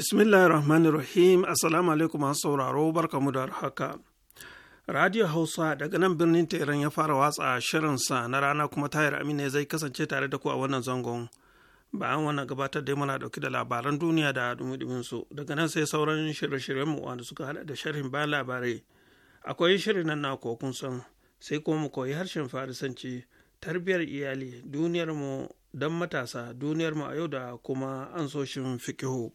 Bismillahi Bismillahirrahmanirrahim. Assalamu alaikum masu sauraro barkamu da haka. Radio Hausa daga nan birnin Teran ya fara watsa shirinsa na rana kuma tayar amina zai kasance tare da ku a wannan zangon. Bayan wannan gabatar da muna dauki da labaran duniya da dumudumin su daga nan sai sauran shirye shiryen mu wanda suka hada da sharhin ba labarai. Akwai shirin nan na kun san sai kuma mu koyi harshen Farisanci, tarbiyyar iyali, duniyar mu don matasa, duniyarmu a yau da kuma ansoshin fikihu.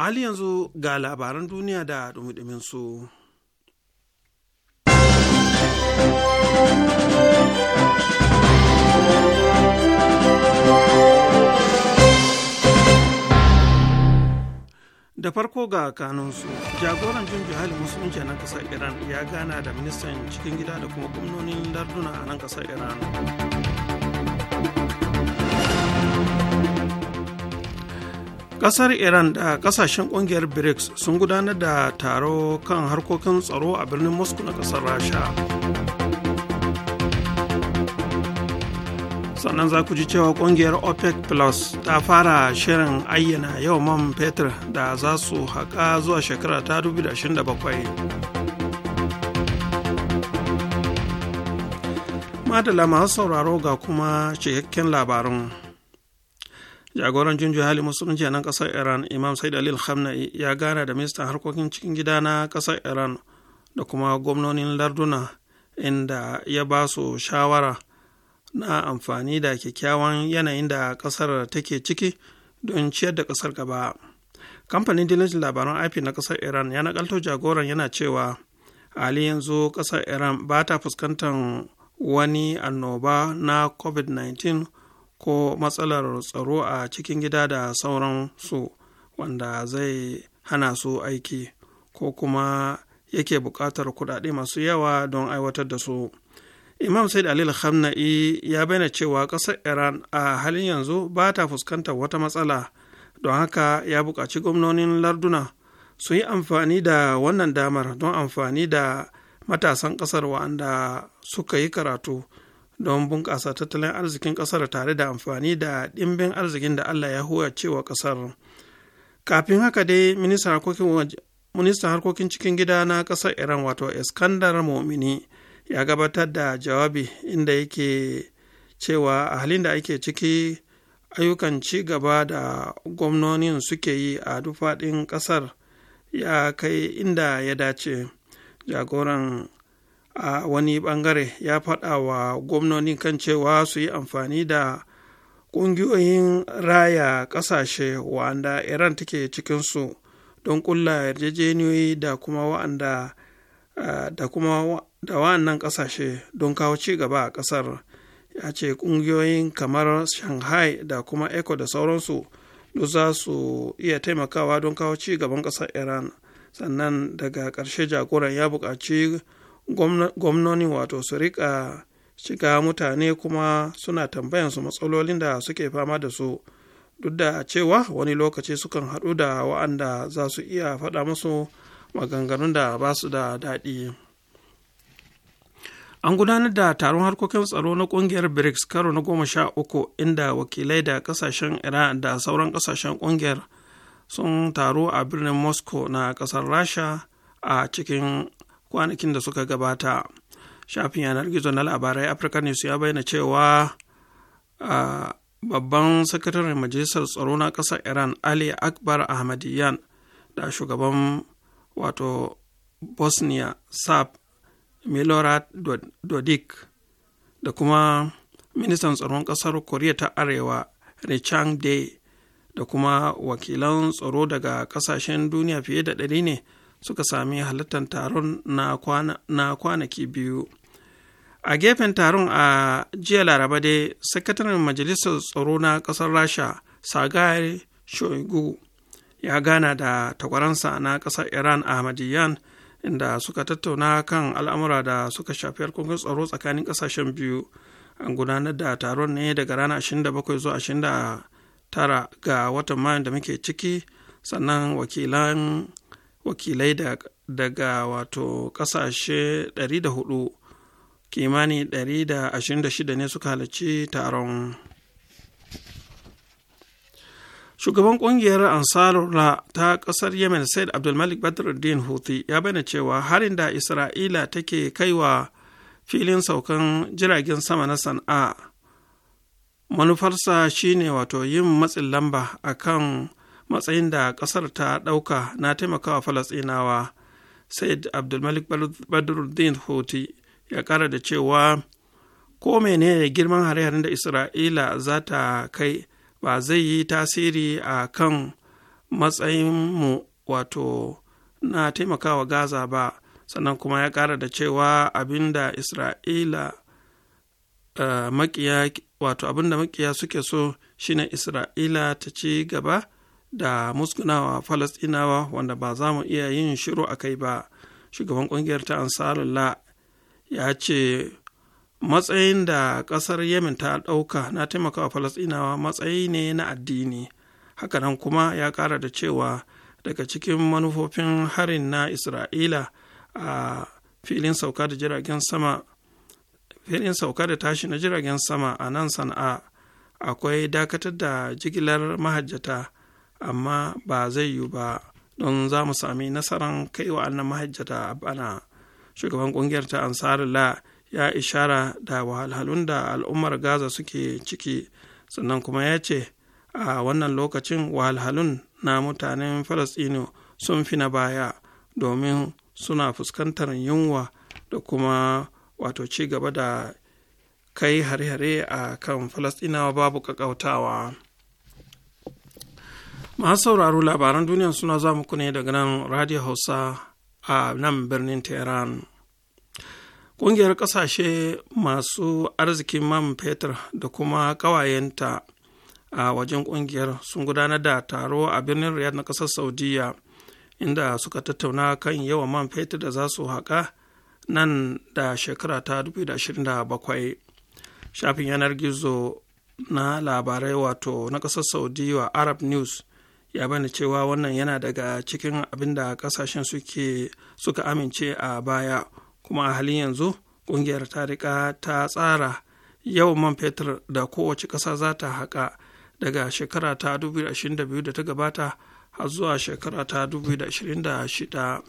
a hali yanzu ga labaran duniya da dumi su. da farko ga kanunsu jagoran jin juhali musulunci na kasar iran ya gana da ministan cikin gida da kuma gwamnonin larduna a nan kasar iran Kasar Iran da ƙasashen ƙungiyar BRICS sun gudanar da taro kan harkokin tsaro a birnin Moscow na ƙasar Rasha. Sannan za ku ji cewa ƙungiyar OPEC Plus ta fara shirin ayyana yau man fetur da za su haƙa zuwa shekara ta 2027. madala masu sauraro ga kuma cikakken labarin jagoran junju hali musulunci a nan kasar iran imam said alil khamnai ya gana da ministan harkokin cikin gida na kasar iran da kuma gwamnonin larduna inda ya ba su shawara na amfani da kyakkyawan yanayin da kasar take ciki don ciyar da kasar gaba kamfanin dillancin labaran ip na kasar iran ya nakalto jagoran yana cewa ali yanzu kasar iran ba ta fuskantar wani annoba na covid-19 ko matsalar tsaro a cikin gida da sauran su wanda zai hana su aiki ko kuma yake buƙatar kuɗaɗe masu yawa don aiwatar da su imam said alil hamna'i ya bayyana cewa ƙasar iran a halin yanzu ba ta fuskantar wata matsala don haka ya buƙaci gwamnonin larduna su yi amfani da wannan damar don amfani da matasan ƙasar wa'anda suka yi karatu don bunƙasa tattalin arzikin ƙasar tare da amfani da ɗimbin arzikin da Allah ya huwa cewa ƙasar. Kafin haka dai ministan harkokin cikin gida na ƙasar Iran wato Iskandar Momini ya gabatar da jawabi inda yake cewa a halin da ake ciki ayyukan ci gaba da gwamnonin suke yi a duk faɗin ƙasar ya kai inda ya dace. Jagoran a wani bangare ya faɗa wa gwamnoni kan cewa su yi amfani da ƙungiyoyin raya ƙasashe wa'anda iran take cikinsu don ƙulla yarjejeniyoyi da kuma wa'anda da kuma da wa'annan ƙasashe don kawo ci gaba a ƙasar ya ce ƙungiyoyin kamar shanghai da kuma eco da sauransu duk za su iya taimakawa don kawo ci gaban ƙasar iran sannan daga ƙarshe jagoran ya buƙaci gwamnoni wato su rika shiga mutane kuma suna tambayan su matsalolin da suke fama da su duk da cewa wani lokaci sukan haɗu da wa'anda za su iya faɗa musu maganganun da ba su da daɗi an gudanar da taron harkokin tsaro na ƙungiyar brics karo na goma sha uku inda wakilai da ƙasashen iran da sauran ƙasashen ƙungiyar sun taro a birnin moscow na ƙasar rasha a cikin kwanakin da suka gabata shafin yanar gizo na labarai africa news ya bayyana cewa babban sakataren majalisar tsaro na ƙasar iran ali akbar ahmadiyyan da shugaban wato bosnia sab milorad dodik da kuma ministan tsaron ƙasar koriya ta arewa richard day da kuma wakilan tsaro daga ƙasashen duniya fiye da ɗari ne suka sami halittar taron na kwanaki biyu a gefen taron a jiya laraba dai sakataren majalisar tsaro na ƙasar rasha sagar shoigu ya gana da takwaransa na ƙasar iran ahmadiyyan inda suka tattauna kan al'amura da suka shafi harkokin tsaro tsakanin ƙasashen biyu an gudanar da taron ne daga ranar 27 zuwa 29 ga watan mayu da muke ciki sannan wakilan wakilai daga wato ƙasashe 104 kimani 126 ne suka halarci taron shugaban kungiyar ansarola ta kasar yemen said abdulmalik badruddin houthi ya bayyana cewa harin da isra'ila take kaiwa filin saukan jiragen sama na sana'a manufarsa shine wato yin matsin lamba akan kan matsayin da ƙasar ta ɗauka na taimakawa falastinawa said abdulmalik badruddin hoti ya ƙara da cewa ko ne girman hare-haren da isra'ila za ta kai ba zai yi tasiri a kan matsayinmu wato na taimakawa gaza ba sannan kuma ya ƙara da cewa abinda isra'ila uh, eh, makiya wato abinda makiya suke so shine isra'ila ta ci gaba da muskunawa falastinawa wanda ba za mu iya yin shiru a kai ba shugaban kungiyar ta ansarullah ya ce matsayin da ƙasar yemen ta ɗauka na taimakawa falastinawa matsayi ne na addini hakanan kuma ya ƙara da cewa daga cikin manufofin harin na isra'ila a filin sauka da jiragen sama filin sauka da tashi na jiragen sama a nan sana'a akwai dakatar da jigilar mahajjata amma ba zai yiwu ba don za mu sami nasarar kai wa annan mahajjata a bana shugaban kungiyar ta ansarila ya ishara da wahalhalun da al'ummar gaza suke ciki sannan kuma ya ce a wannan lokacin wahalhalun na mutanen falastino sun fi na baya domin suna fuskantar yunwa da kuma wato ci gaba da kai hare-hare a kan falastinawa babu ƙaƙautawa. masu sauraro labaran duniya suna za muku ne daga nan radio hausa a nan birnin tehran ƙungiyar ƙasashe masu arzikin man fetur da kuma ƙawayenta a wajen ƙungiyar sun gudanar da taro a birnin riyadh na ƙasar saudiya inda suka tattauna kan yawan man fetur da za su haƙa nan da shekara ta 2027 shafin yanar gizo na labarai wato na ƙasar saudiya arab news ya bani cewa wannan yana daga cikin abin da kasashen suka amince a baya kuma a halin yanzu kungiyar ta rika ta tsara yau man fetur da kowace ƙasa za ta haƙa daga shekara ta 2022 da ta gabata har zuwa shekara ta 2026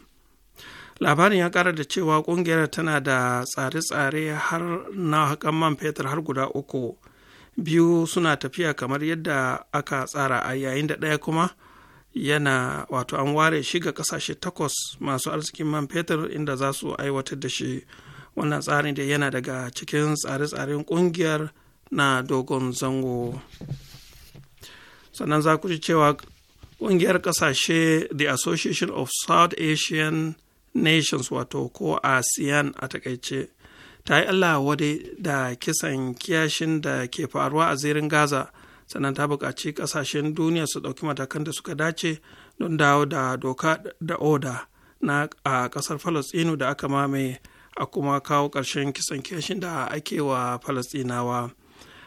labarin ya ƙara da cewa ƙungiyar tana da tsare-tsare har na haƙan man fetur har guda uku biyu suna tafiya kamar yadda aka tsara a yayin da ɗaya kuma yana wato an ware shi ga kasashe takwas masu arzikin man fetur inda za su aiwatar da shi wannan tsarin da yana daga cikin tsare-tsaren ƙungiyar na dogon zango sannan za ku ji cewa ƙungiyar ƙasashe the association of south asian nations wato ko asean a takaice ta yi allah wade da kisan kiyashin da ke faruwa a zirin gaza sannan ta buƙaci ƙasashen duniya su ɗauki matakan da suka dace don dawo da doka da oda na a ƙasar falasɗinu da aka mamaye a kuma kawo ƙarshen kisan kiyashin da ake wa falasɗinawa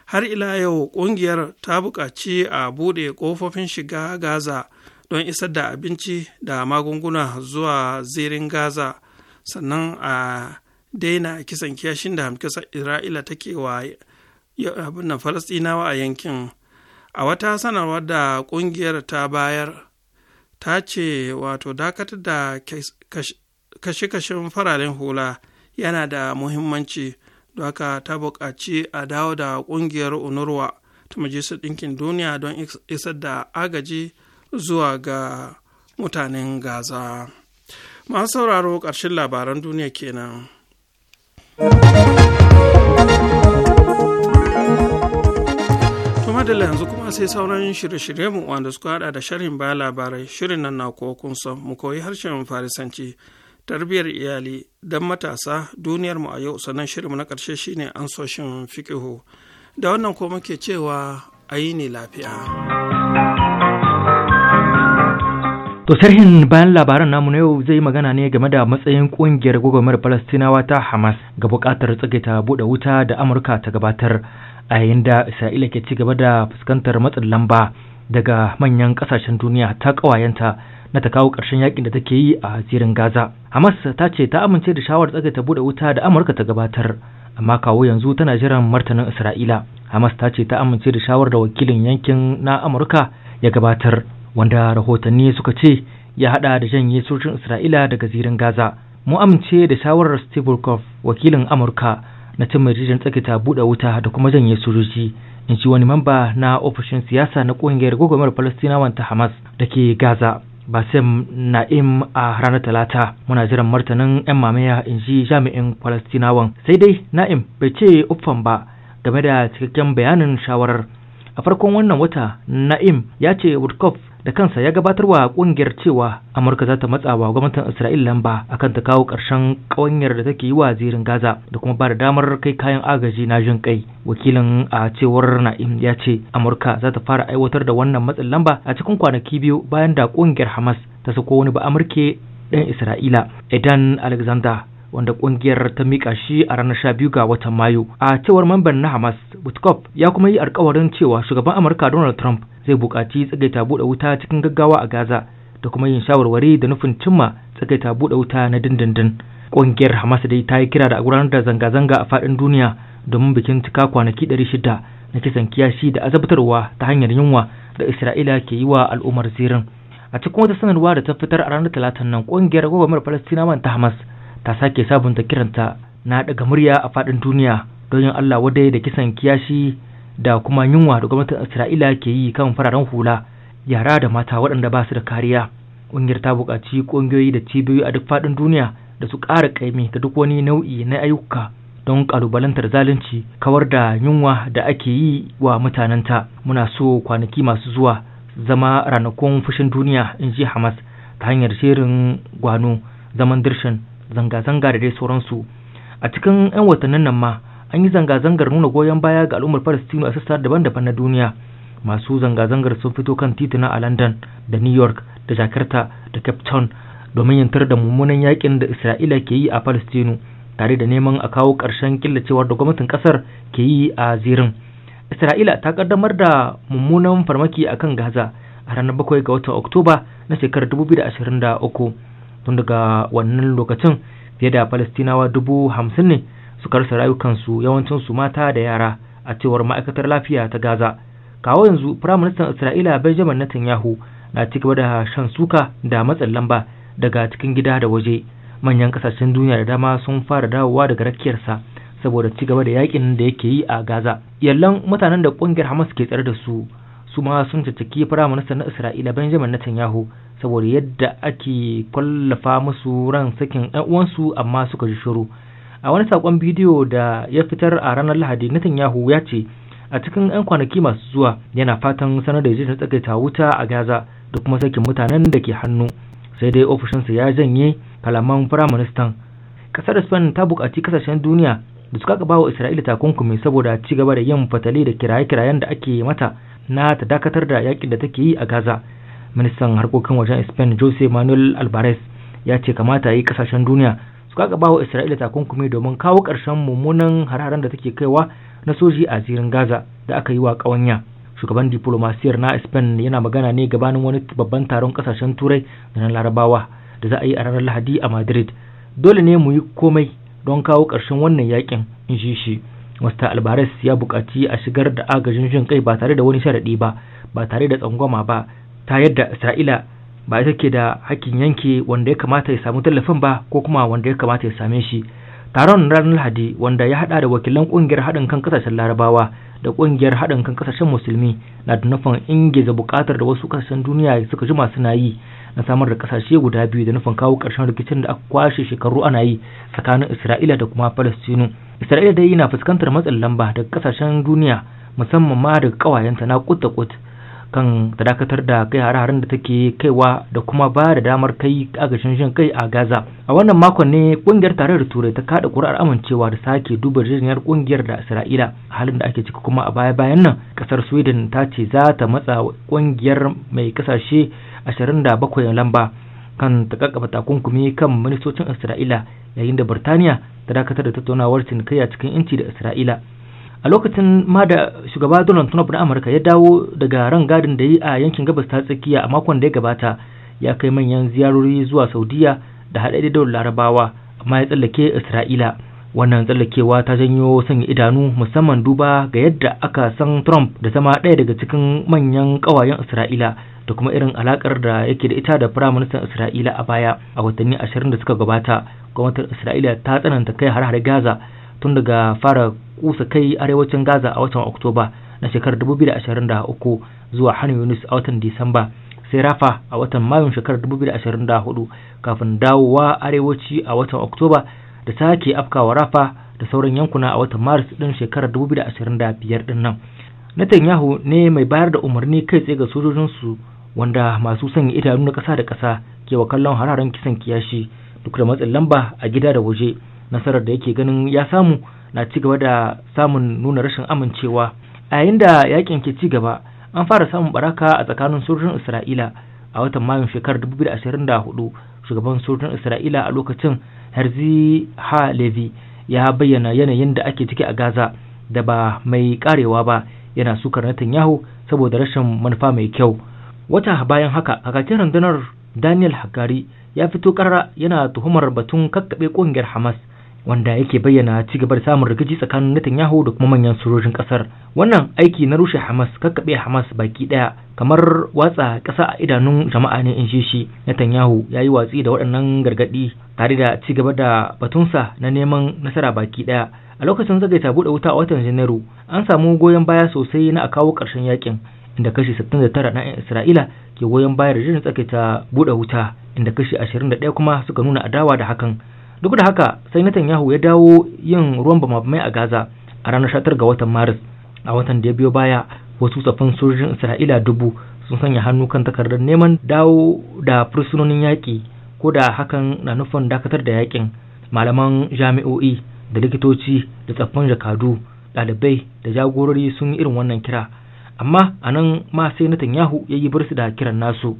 har ila yau ƙungiyar ta buƙaci a buɗe ƙofofin shiga gaza don isar da abinci da magunguna zuwa zirin gaza sannan a daina kisan kiyashin da hamkisar isra'ila take wa abin falastinawa a yankin a wata sanarwa da ƙungiyar ta bayar ta ce wato dakatar da kashe-kashen fararen hula yana da muhimmanci don haka ta buƙaci a dawo da ƙungiyar unurwa ta majalisar ɗinkin duniya don isar da agaji zuwa ga mutanen gaza masu sauraro ƙarshen labaran duniya kenan. madalla yanzu kuma sai sauran shirye-shirye mu wanda suka hada da sharhin ba labarai shirin nan na kun san mu koyi harshen farisanci tarbiyyar iyali don matasa duniyar mu a yau sannan shirin mu na karshe shine ansoshin fikihu da wannan ko muke cewa a ne lafiya. To sarhin bayan labaran namu na yau zai magana ne game da matsayin kungiyar gwagwarmar Falastinawa ta Hamas ga buƙatar tsagaita buɗe wuta da Amurka ta gabatar a yayin da Isra'ila ke ci gaba da fuskantar matsin lamba daga manyan ƙasashen duniya ta ƙawayenta na ta kawo ƙarshen yakin da take yi a zirin Gaza. Hamas ta ce ta amince da shawarar tsagaita buɗe wuta da Amurka ta gabatar amma kawo yanzu tana jiran martanin Isra'ila. Hamas ta ce ta amince da shawarar da wakilin yankin na Amurka ya gabatar wanda rahotanni suka ce ya hada da janye sojin isra'ila daga zirin gaza mu amince da shawarar steve Wolkoff, wakilin amurka na cin marijin tsakita buɗe wuta da kuma janye sojoji in ci wani mamba na ofishin siyasa na ƙungiyar gwagwamar falastinawan ta hamas da ke gaza basem na'im a ranar talata muna jiran martanin 'yan mamaya in ji jami'in falastinawan sai dai na'im bai ce uffan ba game da cikakken bayanin shawarar a farkon wannan wata na'im ya ce woodcock da kansa ya gabatar wa kungiyar cewa amurka za ta matsa wa gwamnatin isra'ila lamba akan ta kawo ƙarshen ƙawanyar da take yi wa zirin gaza da kuma ba da damar kai kayan agaji na jin kai wakilin a cewar na'im ya ce amurka za ta fara aiwatar da wannan matsin lamba a cikin kwanaki biyu bayan da kungiyar hamas ta sako wani ba amurke ɗan isra'ila idan alexander wanda kungiyar ta mika shi a ranar 12 ga watan Mayu. A cewar mamban na Hamas, Butkop ya kuma yi alkawarin cewa shugaban Amurka Donald Trump zai buƙaci tsagaita buɗe wuta cikin gaggawa a Gaza da kuma yin shawarwari da nufin cimma tsagaita buɗe wuta na dindindin. Kungiyar Hamas dai ta yi kira da gudanar da zanga-zanga a faɗin duniya domin bikin cika kwanaki 600 na kisan kiyashi da azabtarwa ta hanyar yunwa da Isra'ila ke yi wa al'ummar zirin. A cikin wata sanarwa da ta fitar a ranar Talatan nan kungiyar palestina man ta Hamas ta sake sabunta kiranta na daga murya a faɗin duniya don yin Allah wadai da kisan kiyashi da kuma yunwa da gwamnatin Isra'ila ke yi kan fararen hula yara da mata waɗanda ba su da kariya. Ƙungiyar ta buƙaci ƙungiyoyi da cibiyoyi a duk faɗin duniya da su ƙara ƙaimi da duk wani nau'i na ayyuka don ƙalubalantar zalunci kawar da yunwa da ake yi wa mutanenta. Muna so kwanaki masu zuwa zama ranakun fushin duniya in ji Hamas ta hanyar shirin gwano zaman dirshin zanga-zanga da dai sauransu a cikin 'yan watannin nan ma an yi zanga-zangar nuna goyon baya ga al'ummar palestino a sassa daban-daban na duniya masu zanga-zangar sun fito kan tituna a london da new york da jakarta da cape town domin yantar da mummunan yakin da isra'ila ke yi a palestino tare da neman a kawo ƙarshen killacewar da gwamnatin ƙasar ke yi a zirin isra'ila ta kaddamar da mummunan farmaki akan gaza a ranar 7 ga watan oktoba na shekarar 2023 tun daga wannan lokacin fiye da falastinawa dubu hamsin ne suka rasa rayukansu su mata da yara a cewar ma'aikatar lafiya ta gaza kawo yanzu firaministan isra'ila benjamin netanyahu na ci gaba da shan suka da matsin lamba daga cikin gida da waje manyan kasashen duniya da dama sun fara dawowa daga rakiyarsa saboda ci gaba da yakin da yake yi a gaza yallan mutanen da ƙungiyar hamas ke tsare da su su ma sun caccaki firaministan na isra'ila benjamin netanyahu saboda yadda ake kwallafa musu ran sakin uwansu amma suka ji shiru a wani sakon bidiyo da ya fitar a ranar lahadi na Tanyahu ya ce a cikin 'yan kwanaki masu zuwa yana fatan sanar da ta tsakaita wuta a gaza da kuma sakin mutanen da ke hannu sai dai ofishinsa ya janye kalaman firaministan ƙasar spain ta buƙaci kasashen duniya da suka gaba wa isra'ila takunkumi saboda ci gaba da yin fatali da kiraye-kirayen da ake mata na ta dakatar da yakin da take yi a gaza ministan harkokin wajen spain jose manuel alvarez ya ce kamata yi kasashen duniya su kaka bawa isra'ila takunkumi domin kawo karshen mummunan hararen da take kaiwa na soji a zirin gaza da aka yi wa ƙawanya shugaban diplomasiyar na spain yana magana ne gabanin wani babban taron kasashen turai da na larabawa da za a yi a ranar lahadi a madrid dole ne mu yi komai don kawo ƙarshen wannan yakin in ji shi mr albares ya buƙaci a shigar da agajin jin kai ba tare da wani sharaɗi ba ba tare da tsangwama ba ta yadda isra'ila ba ita ke da hakkin yanke wanda ya kamata ya samu tallafin ba ko kuma wanda ya kamata ya same shi taron ranar lahadi wanda ya hada da wakilan kungiyar haɗin kan kasashen larabawa da kungiyar haɗin kan kasashen musulmi na da nufin ingiza buƙatar da wasu kasashen duniya suka jima suna yi na samar da kasashe guda biyu da nufin kawo ƙarshen rikicin da aka kwashe shekaru ana yi tsakanin isra'ila da kuma falastinu isra'ila dai na fuskantar matsin lamba daga kasashen duniya musamman ma daga ƙawayenta na kut da kut kan ta dakatar da kai har harin da take kaiwa da kuma ba da damar kai agashin shan kai a Gaza. A wannan makon ne kungiyar tarayyar Turai ta kada kuri'ar amincewa da sake duba jirgin kungiyar da Isra'ila halin da ake ciki kuma a baya-bayan nan kasar Sweden ta ce za ta matsa kungiyar mai kasashe 27 lamba kan ta kakkaba takunkumi kan ministocin Isra'ila yayin da Birtaniya ta dakatar da tattaunawar cinikayya cikin inci da Isra'ila. a lokacin ma da shugaba donald trump na amurka ya dawo daga ran gadin da yi a yankin gabas ta tsakiya a makon da ya gabata ya kai manyan ziyarori zuwa saudiya da haɗe da larabawa amma ya tsallake isra'ila wannan tsallakewa ta janyo sanya idanu musamman duba ga yadda aka san trump da zama ɗaya daga cikin manyan ƙawayen isra'ila da kuma irin alakar da yake da ita da firaministan isra'ila a baya a watanni ashirin da suka gabata gwamnatin isra'ila ta tsananta kai har har gaza tun daga fara kusa kai arewacin gaza a watan oktoba na shekarar 2023 zuwa han Yunus a watan disamba sai rafa a watan mayun shekarar 2024 kafin dawowa arewaci a watan oktoba da sake afkawa rafa da sauran yankuna a watan maris din shekarar 2025 din nan Netanyahu ne mai bayar da umarni kai tsaye ga sojojinsu wanda masu sanya idanu na ƙasa da ƙasa ke wa kallon hararen kisan kiyashi duk da matsin lamba a gida da waje nasarar da yake ganin ya samu na ci gaba da samun nuna rashin amincewa a yayin da yakin ke ci gaba an fara samun baraka a tsakanin sojojin isra'ila a watan mayun shekarar 2024 shugaban sojojin isra'ila a lokacin herzi ha levi ya bayyana yanayin da ake ciki a gaza da ba mai karewa ba yana sukar netanyahu saboda rashin manufa mai kyau wata bayan haka kakakin rundunar daniel hakari ya fito karara yana tuhumar batun kakkaɓe ƙungiyar hamas wanda yake bayyana ci gaba da samun rikici tsakanin Netanyahu da kuma manyan sojojin kasar wannan aiki na rushe Hamas kakkaɓe Hamas baki daya kamar watsa kasa a idanun jama'a ne in shi natanyahu Netanyahu ya yi watsi da waɗannan gargaɗi tare da ci gaba da batunsa na neman nasara baki daya a lokacin zagaita buɗe wuta a watan Janairu an samu goyon baya sosai na a kawo ƙarshen yakin inda kashi 69 na 'yan Isra'ila ke goyon bayar da tsakaita buɗe wuta inda kashi 21 kuma suka nuna adawa da hakan duk da haka sai Netanyahu ya dawo yin ruwan bamabamai a Gaza a ranar 19 ga watan Maris a watan da ya biyo baya wasu tsafin sojojin Isra'ila dubu sun sanya hannu kan takardar neman dawo da fursunonin yaƙi ko da hakan na nufin dakatar da yaƙin malaman jami'o'i da likitoci da tsaffin jakadu ɗalibai da jagorori sun yi irin wannan kira amma a nan ma sai Netanyahu ya yi birsu da kiran nasu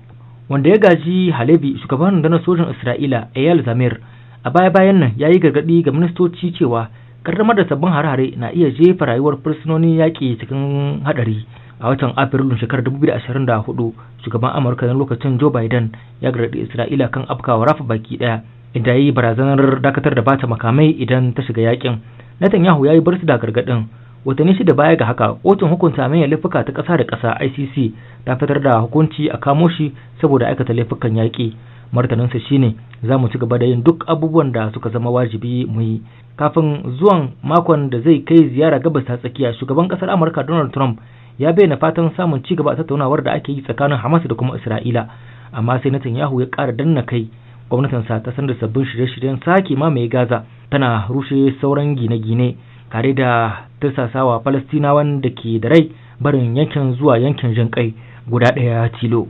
wanda ya gaji Halebi shugaban rundunar sojin Isra'ila Eyal Zamir a baya-bayan nan ya yi gargaɗi ga ministoci cewa ƙaddamar da sabbin hare-hare na iya jefa rayuwar fursunonin yaƙi cikin haɗari a watan afrilun shekarar 2024 shugaban amurka na lokacin joe biden ya gargaɗi isra'ila kan afkawa rafa baki ɗaya inda ya yi barazanar dakatar da bata makamai idan ta shiga yaƙin netanyahu ya yi barsu da gargaɗin watanni shida baya ga haka kotun hukunta manyan laifuka ta ƙasa da ƙasa icc ta fitar da hukunci a kamo shi saboda aikata laifukan yaƙi martaninsa shine za mu ci gaba da yin duk abubuwan da suka zama wajibi mu yi kafin zuwan makon da zai kai ziyara gabas ta tsakiya shugaban ƙasar amurka donald trump ya bayyana fatan samun ci gaba a tattaunawar da ake yi tsakanin hamas da kuma isra'ila amma sai netanyahu ya ƙara danna kai gwamnatinsa ta sanar da sabbin shirye-shiryen sake mamaye gaza tana rushe sauran gine-gine tare da tasasawa falastinawan da ke da rai barin yankin zuwa yankin jin kai guda ɗaya tilo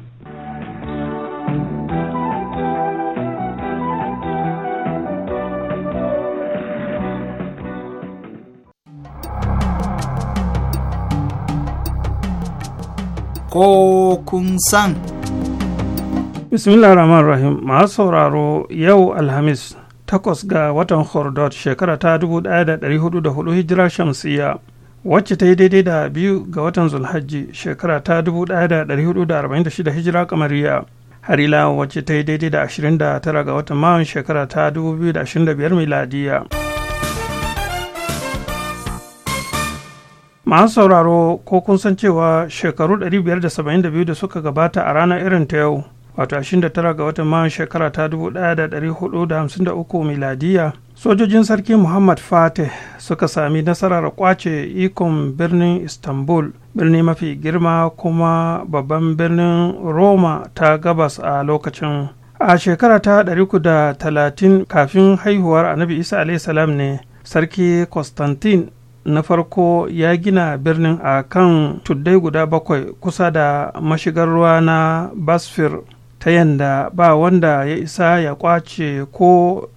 ko kun san bismillah rahman rahim masu sauraro yau alhamis takwas ga watan hordot shekara ta 1404 hijirar shamsiya wacce ta yi daidai da biyu ga watan zulhajji shekara ta 1446 hijira kamariya har ila wacce ta yi daidai da 29 ga watan mawan shekara ta 2025 miladiya masu sauraro ko kun san cewa shekaru 572 da suka gabata a ranar irin ta yau wato 29 ga watan mayan shekara ta 1453 miladiya sojojin sarki muhammad fatih suka sami nasarar kwace ikon birnin istanbul birni mafi girma kuma babban birnin roma ta gabas a lokacin a shekara ta 330 kafin haihuwar annabi isa salam ne sarki constantine na farko ya gina birnin a kan tuddai guda bakwai kusa da mashigar ruwa na basfir ta yanda ba wanda ya isa ya kwace ko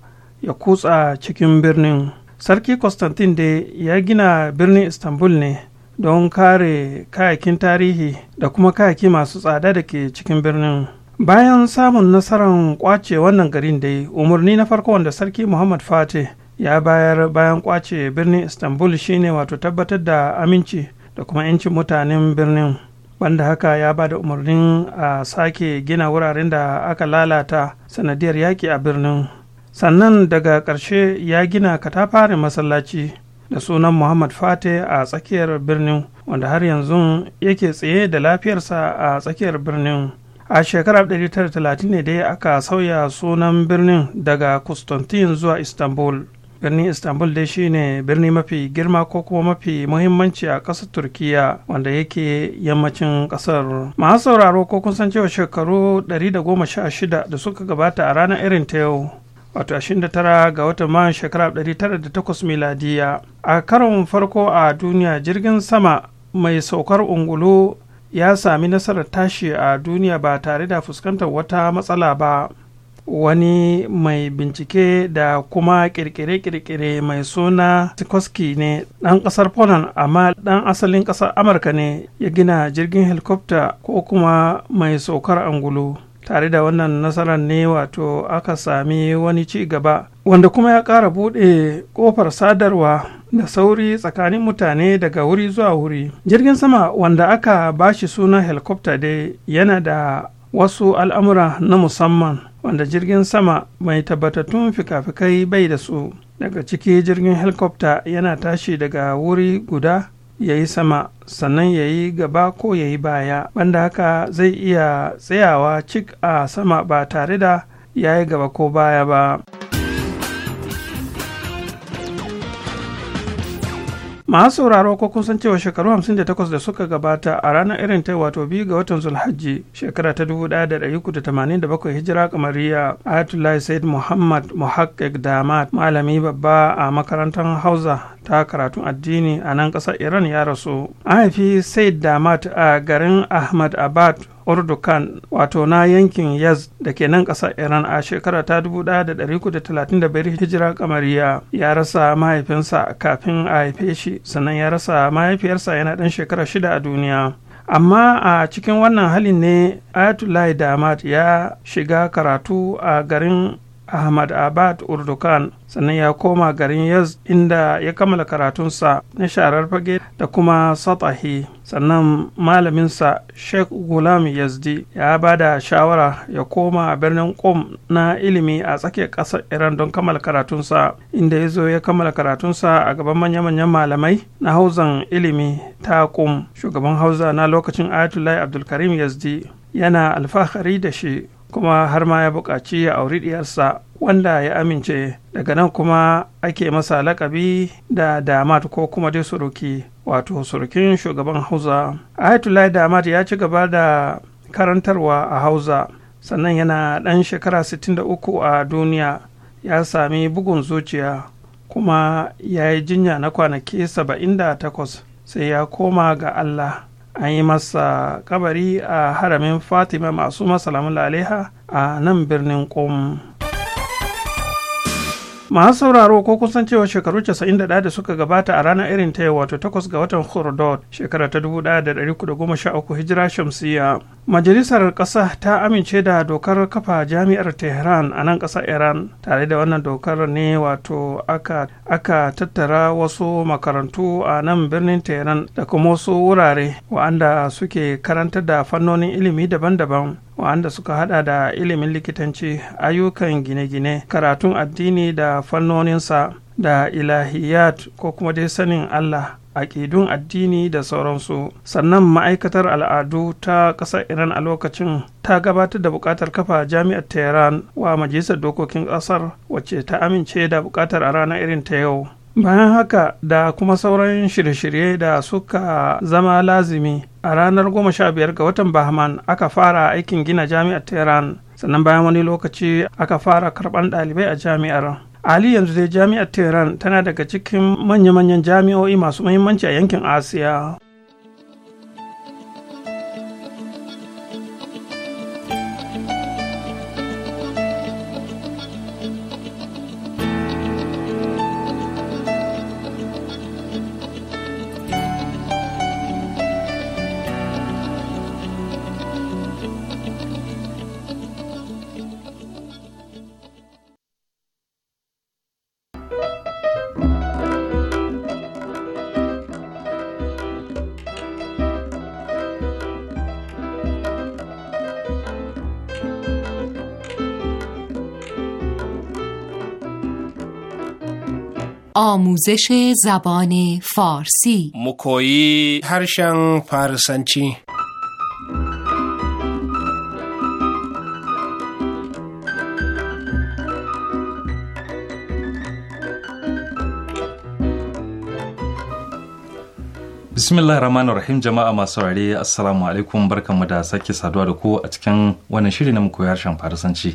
ya kutsa cikin birnin sarki constantine dai ya gina birnin istanbul ne don kare kayakin tarihi da kuma kayaki masu tsada da ke cikin birnin bayan samun nasarar kwace wannan garin dai umarni na farko wanda sarki muhammad fatih ya bayar bayan kwace birnin istanbul shine wato tabbatar da aminci da kuma 'yancin mutanen birnin banda haka ya ba da umarnin a sake gina wuraren da aka lalata sanadiyar yaƙi a birnin sannan daga ƙarshe ya gina katafarin masallaci da sunan muhammad fate a tsakiyar birnin wanda har yanzu yake tsaye da lafiyarsa a tsakiyar birnin a shekarar 1930 ne dai aka sauya sunan birnin daga Constantine zuwa istanbul birnin istanbul dai shine birni mafi girma ko kuma mafi muhimmanci a ƙasar turkiya wanda yake yammacin ƙasar masu sauraro ko kun san cewa shekaru 116 da suka gabata a ranar irin ta yau wato 29 ga watan mayan shekara 908 miladiya a karon farko a duniya jirgin sama mai saukar ungulu ya sami nasarar tashi a duniya ba tare da fuskantar wata matsala ba wani mai bincike da kuma kirkire-kirkire mai suna Sikorsky ne ɗan ƙasar Poland amma ɗan asalin ƙasar Amurka ne ya gina jirgin helikopta ko kuma mai saukar angulu. Tare da wannan nasarar ne wato aka sami wani ci gaba wanda kuma ya ƙara buɗe ƙofar sadarwa da sauri tsakanin mutane daga wuri zuwa wuri. Jirgin sama wanda aka bashi suna helikopta dai yana da wasu al'amura na musamman. wanda jirgin sama mai tabbatattun fikafikai bai da su daga ciki jirgin helikofta yana tashi daga wuri guda ya yi sama sannan ya yi gaba ko ya yi baya banda haka zai iya tsayawa cik a sama ba tare da ya yi gaba ko baya ba. masu sauraro ko kusan cewa shekaru 58 da suka gabata a ranar irin ta wato biyu ga watan zulhajji shekara ta 1987 hijira kamariya ayatollah said muhammad muhakkik damat malami babba a makarantar hausa ta karatun addini a nan ƙasar iran ya rasu an haifi said damat a garin ahmad abad urdukan wato na yankin yaz da ke nan ƙasar iran a shekara ta 1935 hijira kamariya ya rasa mahaifinsa kafin a haife shi sannan ya rasa mahaifiyarsa yana ɗan shekara shida a duniya amma a cikin wannan halin ne ayatollah damat ya shiga karatu a garin ahmad abad urdukan sannan ya koma garin yaz inda ya kammala karatunsa na sharar fage da kuma satahi sannan malaminsa sheikh gulam yazdi ya ba da shawara ya koma birnin qom na ilimi a tsakiyar ƙasar iran don kammala karatunsa inda ya zo ya kammala karatunsa a gaban manya-manyan malamai na hauzan ilimi ta qom shugaban hauza na lokacin ayatollah abdulkarim yazdi yana alfahari da shi kuma har ma ya buƙaci ya auri diyarsa wanda ya amince daga nan kuma ake masa lakabi da damat ko kuma dai suruki wato surukin shugaban hausa ayatollah damat ya ci gaba da karantarwa a hausa sannan yana ɗan shekara 63 a duniya ya sami bugun zuciya kuma ya yi jinya na kwanaki 78 sai ya koma ga allah an yi masa kabari a haramin fatima masu masalamun alaiha a nan birnin ƙom masu sauraro ko kusan cewa shekaru 91 da suka gabata a ranar irin ta wato 8 ga watan hurdod shekara ta 1313 hijira shamsiya majalisar ƙasa ta amince da dokar kafa jami'ar tehran a nan ƙasar iran tare da wannan dokar ne wato aka, aka tattara wasu makarantu a nan birnin tehran da kuma wasu wurare wa'anda suke karantar da fannonin ilimi daban-daban wanda suka hada da ilimin likitanci ayyukan gine-gine karatun addini da fannoninsa da ilahiyat ko kuma dai sanin allah aƙidun addini da sauransu sannan ma'aikatar al'adu ta ƙasar iran a lokacin ta gabatar da buƙatar kafa jami'ar tehran wa majalisar dokokin ƙasar wacce ta amince da buƙatar a ranar irin ta yau bayan haka da kuma sauran shirye-shirye da suka zama lazimi a ranar 15 ga watan bahman aka fara aikin gina jami'ar tehran sannan bayan wani lokaci aka fara karban ɗalibai a jami'ar ali yanzu dai jami'ar tehran tana daga cikin manya-manyan jami'o'i masu muhimmanci a yankin asiya آموزش زبان فارسی مکویی هرشن فارسنچی bismillah rahman rahim jama'a masu saurare assalamu alaikum barkanmu da sake saduwa da ku a cikin wannan shiri na muku harshen farisanci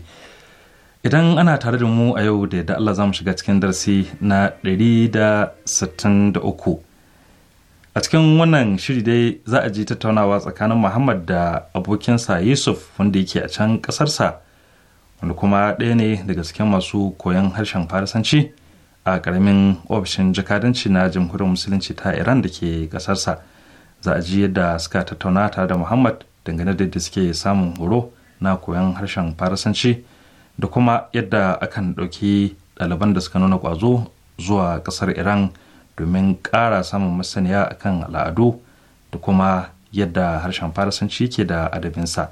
idan ana tare da mu a yau da yadda Allah za mu shiga cikin darasi na 163 a cikin wannan shiri dai za a ji tattaunawa tsakanin muhammad da abokinsa yusuf wanda yake a can ƙasarsa wanda kuma ɗaya ne daga cikin masu koyon harshen farisanci a ƙaramin ofishin jakadanci na jamhuriyar musulunci ta iran da ke ƙasarsa za a ji yadda suka tattauna tare da muhammad dangane da yadda suke samun horo na koyon harshen farisanci da kuma yadda akan ɗauki ɗaliban da suka nuna ƙwazo zuwa ƙasar iran domin ƙara samun masaniya akan al'adu da kuma yadda harshen farasanci ke da adabinsa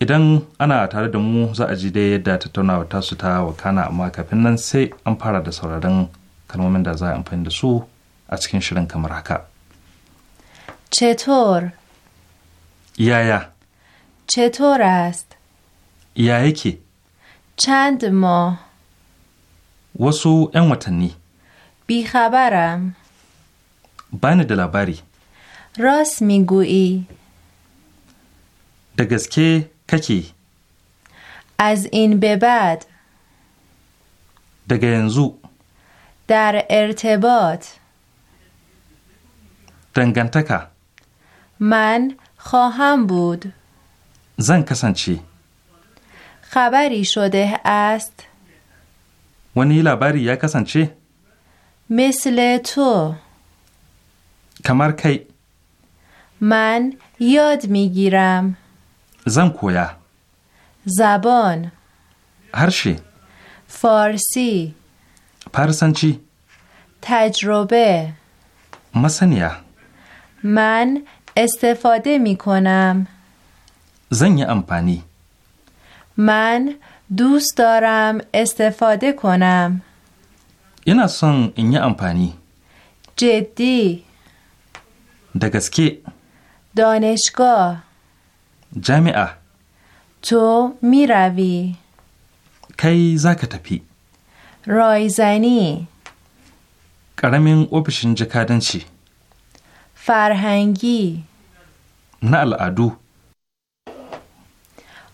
idan ana tare da mu za a ji dai yadda tattaunawa tasu ta wakana amma kafin nan sai an fara da sauraron kalmomin da za a amfani da su a cikin shirin kamar haka cetor یایا چطور است؟ یایی چند ماه وسو ان وطنی بیخبرم بانی دلابری راست میگویی که ککی از این به بعد انزو در ارتباط دنگنتکا من خواهم بود زن کسان چی؟ خبری شده است و لابری یا کسان چه؟ مثل تو کمر کی؟ من یاد میگیرم زم کویا زبان هرشی فارسی چی؟ تجربه مسنیا من استفاده می کنم زنی امپانی Man دوست دارم ina son in yi amfani jeddi da gaske donishko jami'a to miravi kai za ka tafi roizani ƙaramin ofishin jikadanci farhangi na al'adu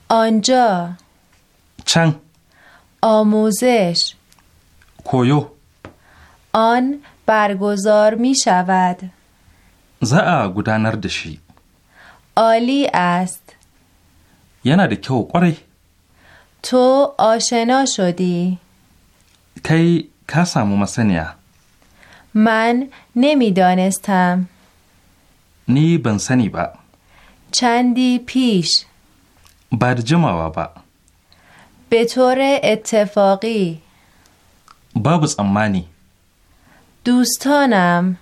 آنجا چنگ آموزش کویو آن برگزار می شود زا گودانر دشی عالی است یه نده که قره تو آشنا شدی کی کا سامو مسنیا من نمیدانستم نی بنسنی با چندی پیش با جماوا با به طور اتفاقی باب زمانی دوستانم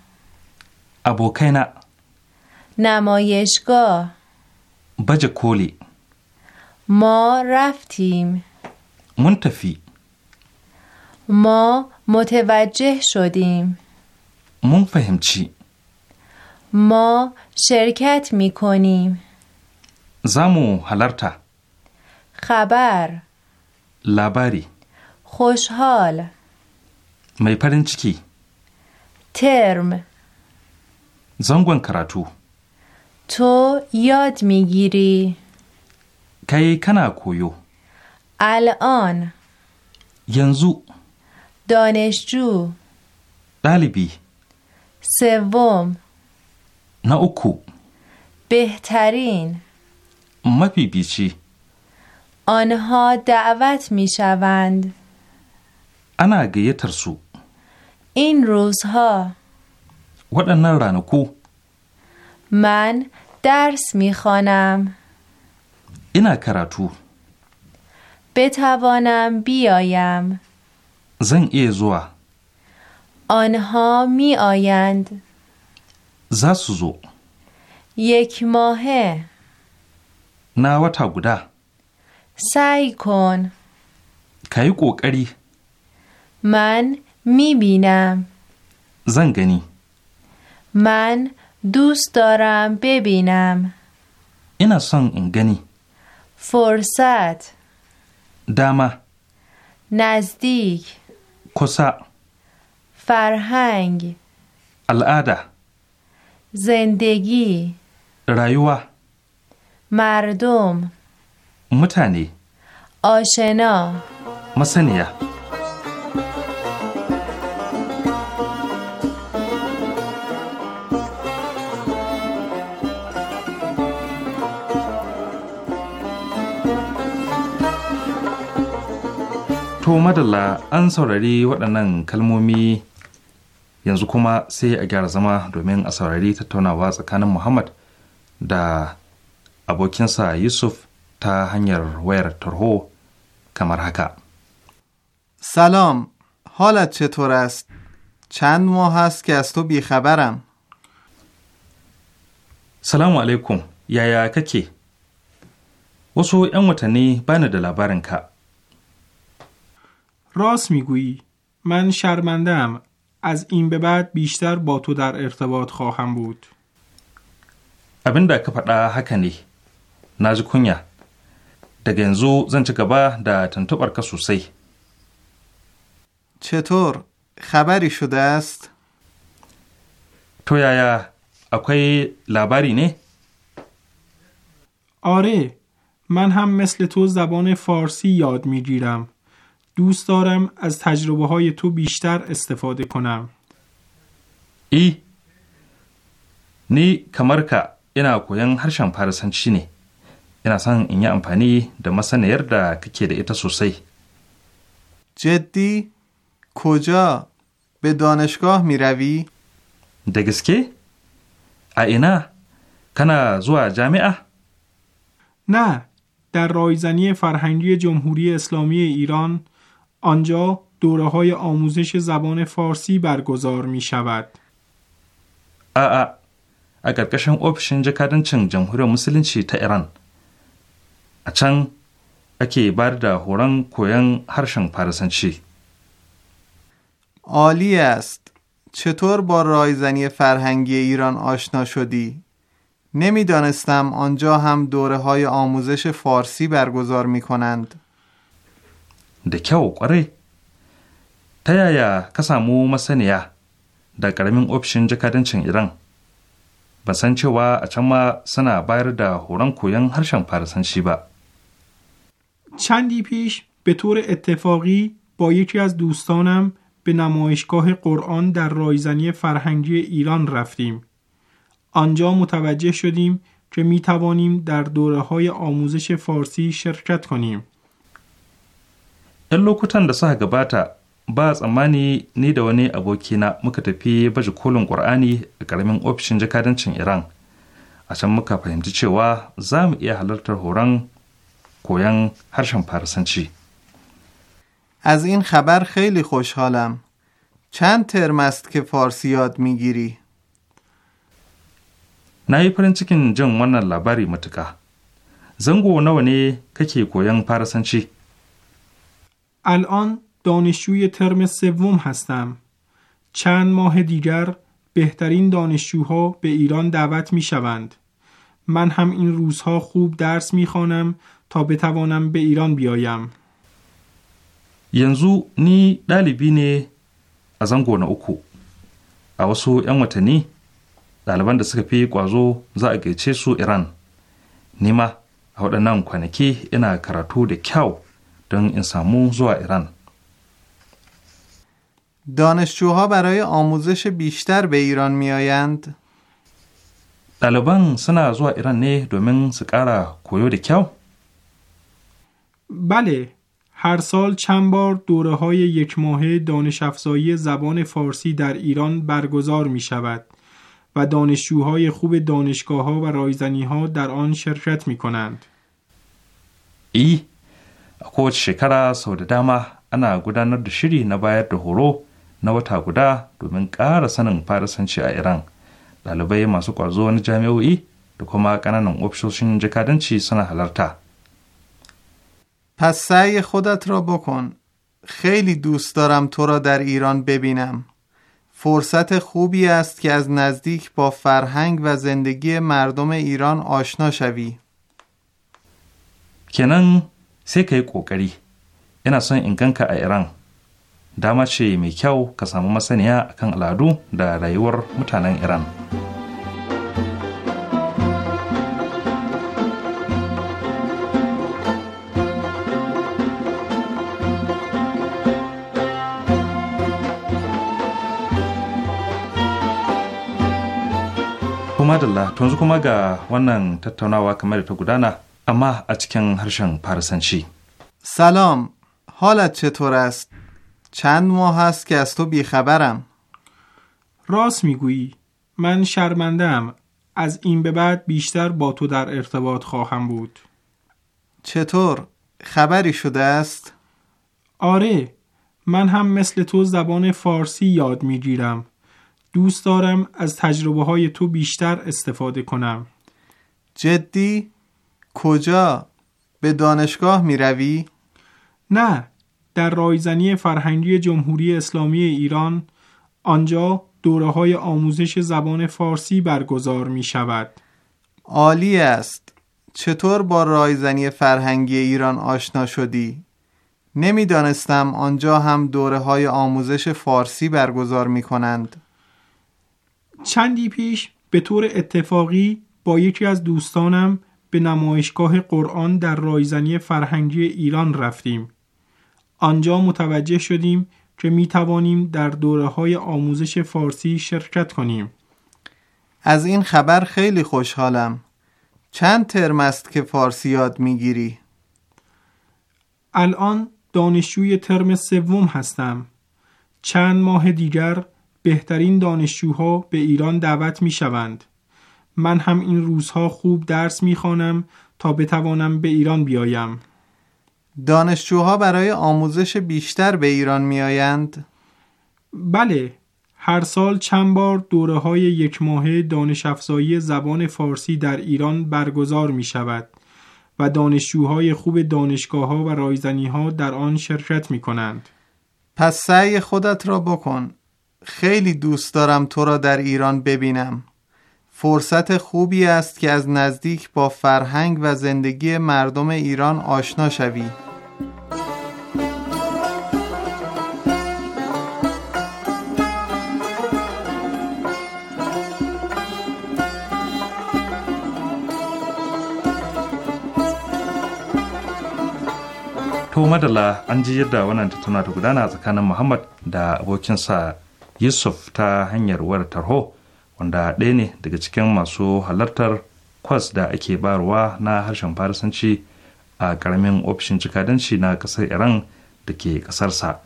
ابوکینا نمایشگاه بج کولی ما رفتیم منتفی ما متوجه شدیم من فهم چی ما شرکت می کنیم زمو حلرته خبر لبری خوشحال میپرنچکی ترم زنگوان کراتو تو یاد میگیری که کنا کویو الان ینزو دانشجو دالبی سوم نا بهترین مپی بیچی آنها دعوت می شوند انا گیتر سو این روزها ودنن رانکو من درس می خوانم اینا کراتو بتوانم بیایم زن ای زوا آنها می آیند زاسو یک ماهه نا وتا گودا sai kon ka yi ƙoƙari man mibina zan gani man dustoran na. ina son in gani Fursat. dama nazdik kusa farhang al'ada zindagi rayuwa mardom mutane. oshena Masaniya. To madalla an saurari waɗannan kalmomi yanzu kuma sai a gyara zama domin a saurari tattaunawa tsakanin Muhammad da abokinsa Yusuf تا هنگر ویر ترهو کمر ک. سلام حالت چطور است؟ چند ماه هست که از تو بیخبرم سلام علیکم یا یا وسو wasu وطنی watanni bani da که؟ راست میگویی من شرمندم از این به بعد بیشتر با تو در ارتباط خواهم بود ابن da ka faɗa haka daga yanzu zan ci gaba da tuntuɓar ka چطور خبری شده است؟ تو یایا اکوی لابری نه؟ آره من هم مثل تو زبان فارسی یاد میگیرم دوست دارم از تجربه های تو بیشتر استفاده کنم ای نی کمرکا اینا کوین هرشن فارسنچی نه ina son in yi amfani da masaniyar da kake da ita sosai جدی کجا به دانشگاه می روی؟ دگسکی؟ اینا کنا زوه جامعه؟ نه در رایزنی فرهنگی جمهوری اسلامی ایران آنجا دوره های آموزش زبان فارسی برگزار می شود. آ اگر کشن اوپشن جکارن چنگ جمهوری مسلم چی تا ایران a can ake bayar da horon koyon harshen عالی است چطور با رایزنی فرهنگی ایران آشنا شدی؟ نمیدانستم آنجا هم دوره های آموزش فارسی برگزار می کنند دکه و یا تایایا کسامو مسانیا دا قرمین اپشن جکادن چن ایران بسان چه و اچما سنا بایر دا هوران کوین هرشن پارسان با. چندی پیش به طور اتفاقی با یکی از دوستانم به نمایشگاه قرآن در رایزنی فرهنگی ایران رفتیم. آنجا متوجه شدیم که میتوانیم در دوره های آموزش فارسی شرکت کنیم. این lokutan da suka gabata ba tsammani ni da wani abokina muka tafi baje kolin Ƙur'ani a ƙaramin ofishin jakadancin Iran. A can muka fahimci cewa za گویان از این خبر خیلی خوشحالم چند ترم است که فارسی یاد میگیری؟ na yi farin جن لباری wannan labari نو نی ککی ne پرسنچی الان دانشجوی ترم سوم هستم. چند ماه دیگر بهترین دانشجوها به ایران دعوت می شوند. من هم این روزها خوب درس می تا بتوانم به ایران بیایم ینزو نی دلیبی نه از آن گونه اوکو a wasu 'yan watanni ɗaliban da suka fi ƙwazo za a gaice su iran nima a waɗannan kwanaki ina karatu da kyau don in samu zuwa iran دانشجوها برای آموزش بیشتر به ایران می آیند. ɗaliban suna zuwa Iran ne domin su ƙara koyo da kyau? بله هر سال چند بار دوره های یک ماهه دانش افزایی زبان فارسی در ایران برگزار می شود و دانشجوهای خوب دانشگاه ها و رایزنی ها در آن شرکت می کنند. ای کوچ شکرا سود داما انا گودا نرد شیری نباید ده هرو نو دو گودا دومن کار سنن پارسنچی ایران لالبای ماسو کارزو جمعی او ای دکوما کنن اپشوشن جکادن چی سنه حلرتا. پس سعی خودت را بکن خیلی دوست دارم تو را در ایران ببینم فرصت خوبی است که از نزدیک با فرهنگ و زندگی مردم ایران آشنا شوی کنن سکه ka yi ƙoƙari ina که ایران. ganka ایران iran dama ce mai kyau ka samu masaniya madalla tunzu kuma ga wannan tattaunawa kamar اما اچکن هرشن پرسنشی سلام حالت چطور است؟ چند ماه است که از تو بیخبرم راست میگویی من شرمندم از این به بعد بیشتر با تو در ارتباط خواهم بود چطور؟ خبری شده است؟ آره من هم مثل تو زبان فارسی یاد میگیرم دوست دارم از تجربه های تو بیشتر استفاده کنم جدی؟ کجا؟ به دانشگاه می روی؟ نه در رایزنی فرهنگی جمهوری اسلامی ایران آنجا دوره های آموزش زبان فارسی برگزار می شود عالی است چطور با رایزنی فرهنگی ایران آشنا شدی؟ نمیدانستم آنجا هم دوره های آموزش فارسی برگزار می کنند چندی پیش به طور اتفاقی با یکی از دوستانم به نمایشگاه قرآن در رایزنی فرهنگی ایران رفتیم. آنجا متوجه شدیم که می توانیم در دوره های آموزش فارسی شرکت کنیم. از این خبر خیلی خوشحالم. چند ترم است که فارسی یاد می گیری؟ الان دانشجوی ترم سوم هستم. چند ماه دیگر بهترین دانشجوها به ایران دعوت می شوند. من هم این روزها خوب درس می تا بتوانم به ایران بیایم. دانشجوها برای آموزش بیشتر به ایران می آیند؟ بله، هر سال چند بار دوره های یک ماهه دانش افزایی زبان فارسی در ایران برگزار می شود و دانشجوهای خوب دانشگاه ها و رایزنی ها در آن شرکت می کنند. پس سعی خودت را بکن خیلی دوست دارم تو را در ایران ببینم فرصت خوبی است که از نزدیک با فرهنگ و زندگی مردم ایران آشنا شوی تو madalla an ji yadda wannan tattauna ta gudana tsakanin muhammad da abokinsa yusuf ta hanyar wayar tarho wanda ɗaya ne daga cikin masu halartar kwas da ake barwa na harshen farisanci a ƙaramin ofishin jikadanci na ƙasar iran da ke ƙasarsa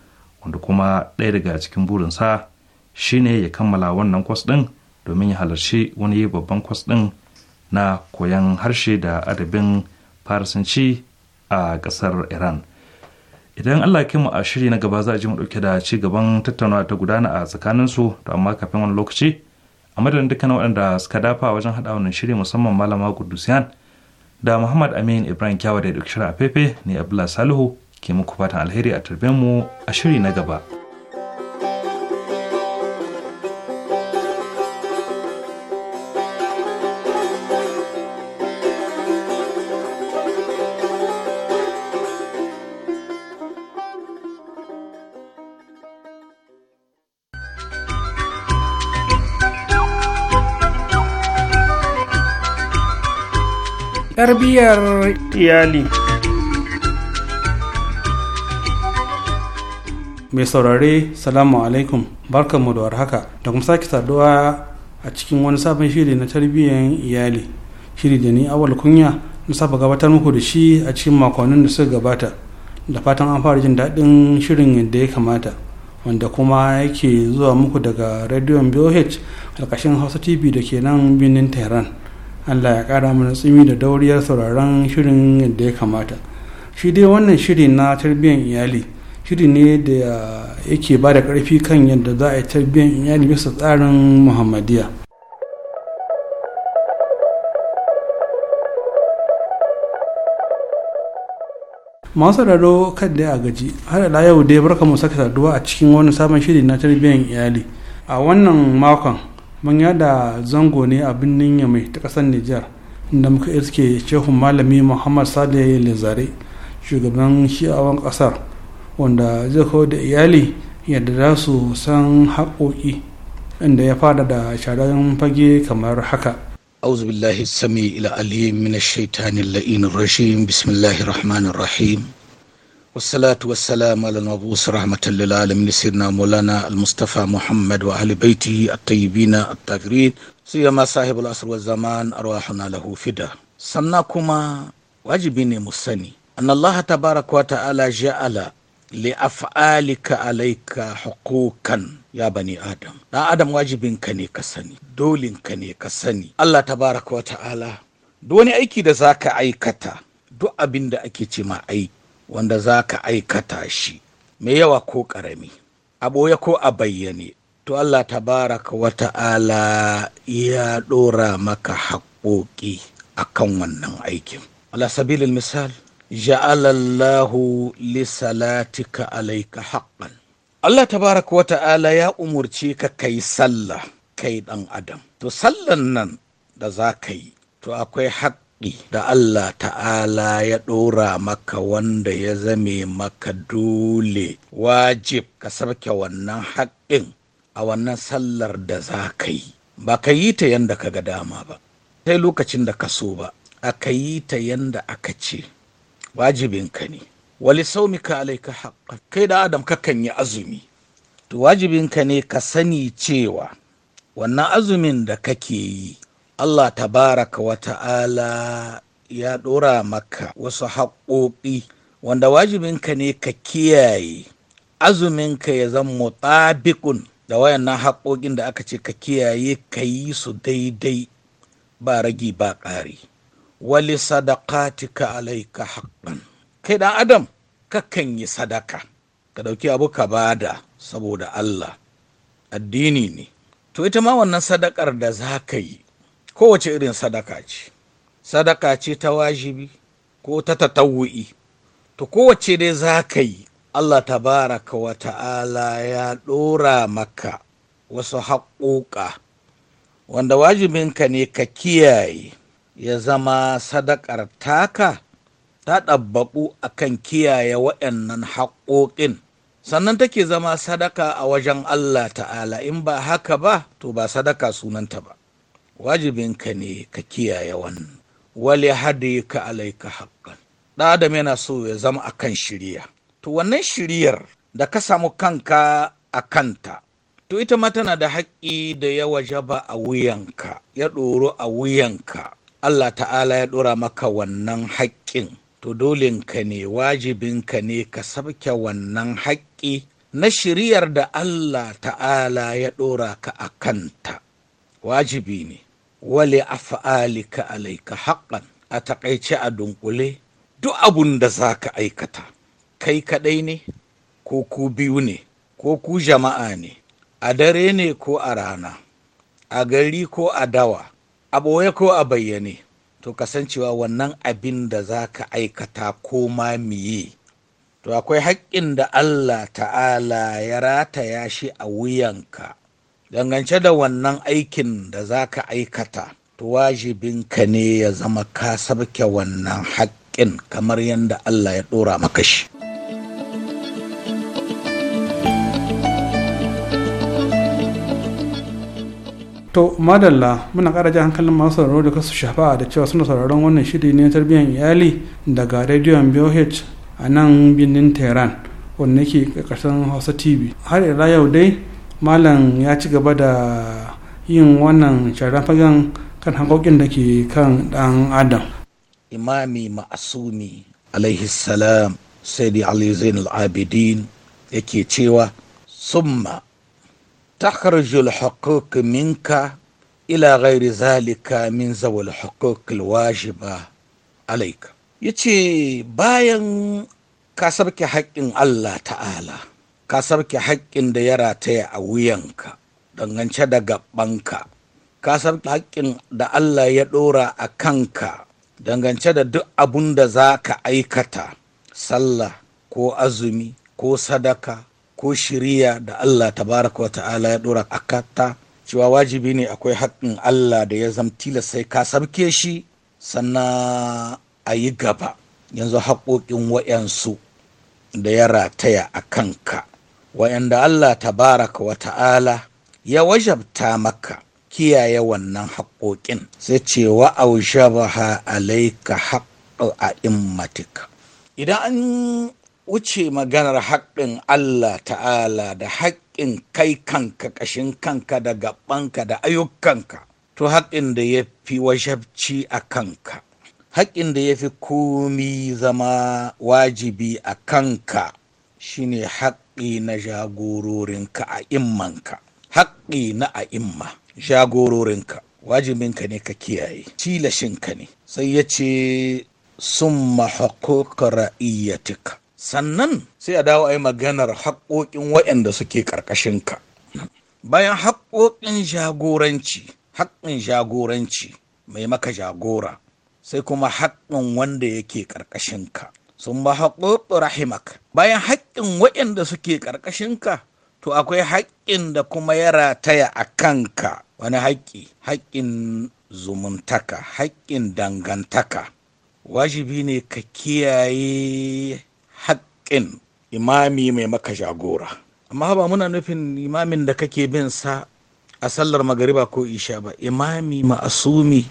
wanda kuma ɗaya daga cikin burinsa shine ya kammala wannan kwas ɗin domin ya halarci wani babban kwas ɗin na koyon harshe da adabin farisanci a ƙasar iran idan allah ya mu a shiri na gaba za a ji mu dauke da ci gaban tattaunawa ta gudana a tsakanin su to amma kafin wani lokaci a madadin dukkan waɗanda suka dafa wajen haɗa wannan shiri musamman malama gudusiyan da muhammad amin ibrahim kyawa da duk shirin a fefe ne abdullahi salihu ke muku fatan alheri a tarbe mu a shiri na gaba. tarbiyyar iyali mai saurare salamu alaikum barkanmu da warhaka da kuma sake saduwa a cikin wani sabon shiri na tarbiyyar iyali shiri da ni awal kunya na saba gabatar muku da shi a cikin makonnin da suka gabata da fatan an fara jin daɗin shirin yadda ya kamata wanda kuma yake zuwa muku daga rediyon boh alkashin hausa tv da ke nan birnin tehran allah ya kara mana tsimi da dauriyar sauraron shirin da ya kamata shi dai wannan shiri na tarbiyyar iyali shiri ne da yake ba da karfi kan yadda za a yi tarbiyyar iyali bisa tsarin muhammadiya masu raro kan da a gaji har da yau dai barka mu saka saduwa a cikin wani sabon shiri na tarbiyyar iyali a wannan makon mun yada zango ne a birnin yamai ta kasar nijar inda muka iske shehun malami muhammad sale lezare shugaban shi'awan kasar wanda zai kawo da iyali yadda za su san haƙoƙi inda ya fada da sharan fage kamar haka أعوذ بالله السميع العليم من الشيطان اللئيم الرجيم بسم الله الرحمن الرحيم wasalatu wassalamu ala mabus rahmatan lil alamin sirna maulana al-mustafa muhammad wa ahli baitihi at-tayyibin at-tafirin siyama sahibul asr wa zaman arwahuna lahu fida sannan kuma wajibi ne mu sani an allaha tabaraka wa ta'ala ja'ala li af'alika alaika hukukan ya bani adam dan adam wajibinka ne ka sani dolinka ne ka sani allah tabaraka wa ta'ala duk wani aiki da zaka aikata duk abin da ake ce ma aiki wanda za ka aikata shi mai yawa ko ƙarami a ɓoye ko a bayyane to Allah tabaraka wa ta'ala ya ɗora maka haƙoƙi a kan wannan aikin ala sabilin misal ja'alallahu li salatika alaika haqqan Allah tabaraka wa ta'ala ya umurce ka kai sallah kai ɗan adam to sallan nan da za ka yi to akwai haƙ haƙƙi da Allah ta'ala ya ɗora maka wanda ya zame maka dole wajib ka sarke wannan haƙƙin a wannan sallar da za ka yi ba ka yi ta yanda ka ga dama ba sai lokacin da ka so ba A ka yi ta yanda aka ce wajibinka ne wali saumika alaika haƙƙa kai da adam kakan yi azumi to wajibinka ne ka sani cewa wannan azumin da kake yi Allah tabaraka wa ta'ala ya ɗora maka wasu haƙoƙi wanda wajibinka ne ka kiyaye azuminka ya zama mutabikun da wayannan haƙoƙin da aka ce ka kiyaye ka yi su daidai ba ragi ba ƙari wali sadaqatika alaika haƙƙan kai ɗan adam kan yi sadaka ka ɗauki abu ka bada saboda Allah addini ne to ita ma wannan sadakar da za ka yi kowace irin sadaka ce sadaka ce ta wajibi ko ta tatawu'i to kowace dai za ka yi Allah tabaraka wa ta'ala ya ɗora maka wasu haƙoƙa wanda wajibinka ne ka kiyaye ya zama sadakar taka ta ɗabbaƙu a kan kiyaye waɗannan haƙoƙin sannan take zama sadaka a wajen Allah ta'ala in ba haka ba to ba sadaka sunanta ba wajibinka ne ka kiyaye wannan wale hadi ka alaika haƙƙan ɗadam yana so ya zama a kan shirya to wannan shiryar da ka samu kanka a kanta to ita ma tana da haƙƙi da ya wajaba a wuyanka ya ɗoro a wuyanka Allah ta'ala ya ɗora maka wannan haƙƙin to dolinka ne wajibinka ne ka sabke wannan haƙƙi na shiriyar da Allah ta'ala ya ɗora ka a kanta wajibi ne wale af'alika alaika haƙƙan a taƙaice a dunkule duk abun da za ka aikata kai kaɗai ne ko ku biyu ne ko ku jama'a ne a dare ne ko a rana a gari ko a dawa a ɓoye ko a bayyane to kasancewa wannan abin da za ka aikata ko ma miye to akwai haƙƙin da allah ta'ala ya rataya shi a wuyanka dangance da wannan aikin da za ka aikata to ka ne ya zama ka sabke wannan haƙƙin kamar yadda Allah ya ɗora maka shi. to madalla muna ƙara ji hankalin masu sauraro da kasu shafa da cewa suna sauraron wannan shiri ne tarbiyyar iyali daga rediyon BOH a nan birnin tehran wanda ke ƙarƙashin hausa tv har ila yau dai malam ya ci gaba da yin wannan sharan kan hankokin da ke kan dan adam imami ma'asumi alaihi salam sai da ali zain abidin yake cewa summa ta harjul minka ila ghairi zalika min zawal hukukul ba alaika ya ce bayan ka sarki haƙƙin allah ta'ala ka sarke haƙƙin da ya rataya a wuyanka dangance da gabanka ka sarke haƙƙin da Allah ya ɗora a kanka dangance da duk abun da za ka aikata sallah ko azumi ko sadaka ko shiriya da Allah tabaraka wa ta'ala ya ɗora a kata cewa wajibi ne akwai haƙƙin Allah da ya zamtila sai ka sarke shi sannan a yi gaba yanzu haƙoƙin wa'yansu da ya rataya a kanka wayanda Allah tabaraka wa ta'ala ya wajabta maka kiyaye wannan haƙoƙin sai ce wa aushabaha alaika haƙƙo a immatika idan an wuce maganar haƙƙin Allah ta'ala da haƙƙin kai kanka ƙashin kanka da gabanka da ayyukanka to haƙƙin da ya fi wajabci a kanka haƙƙin da ya fi komi zama wajibi a kanka shine haƙ haƙƙi na jagororinka a immanka haƙƙi na a imma jagororinka wajibinka ne ka kiyaye tilashinka ne sai ya ce sun mahaƙoƙa sannan sai a dawo a yi maganar haƙoƙin waɗanda suke ƙarƙashinka bayan haƙoƙin jagoranci haƙƙin jagoranci mai maka jagora sai kuma haƙƙin wanda yake ƙarƙashinka sun ba rahimak bayan haƙƙin waɗanda suke ƙarƙashin ka, to akwai haƙƙin da kuma ya rataya a kanka wani haƙƙi haƙƙin zumuntaka haƙƙin dangantaka wajibi ne ka kiyaye haƙƙin imami mai maka jagora amma ba muna nufin imamin da kake bin sa a sallar magariba ko isha ba imami ma'asumi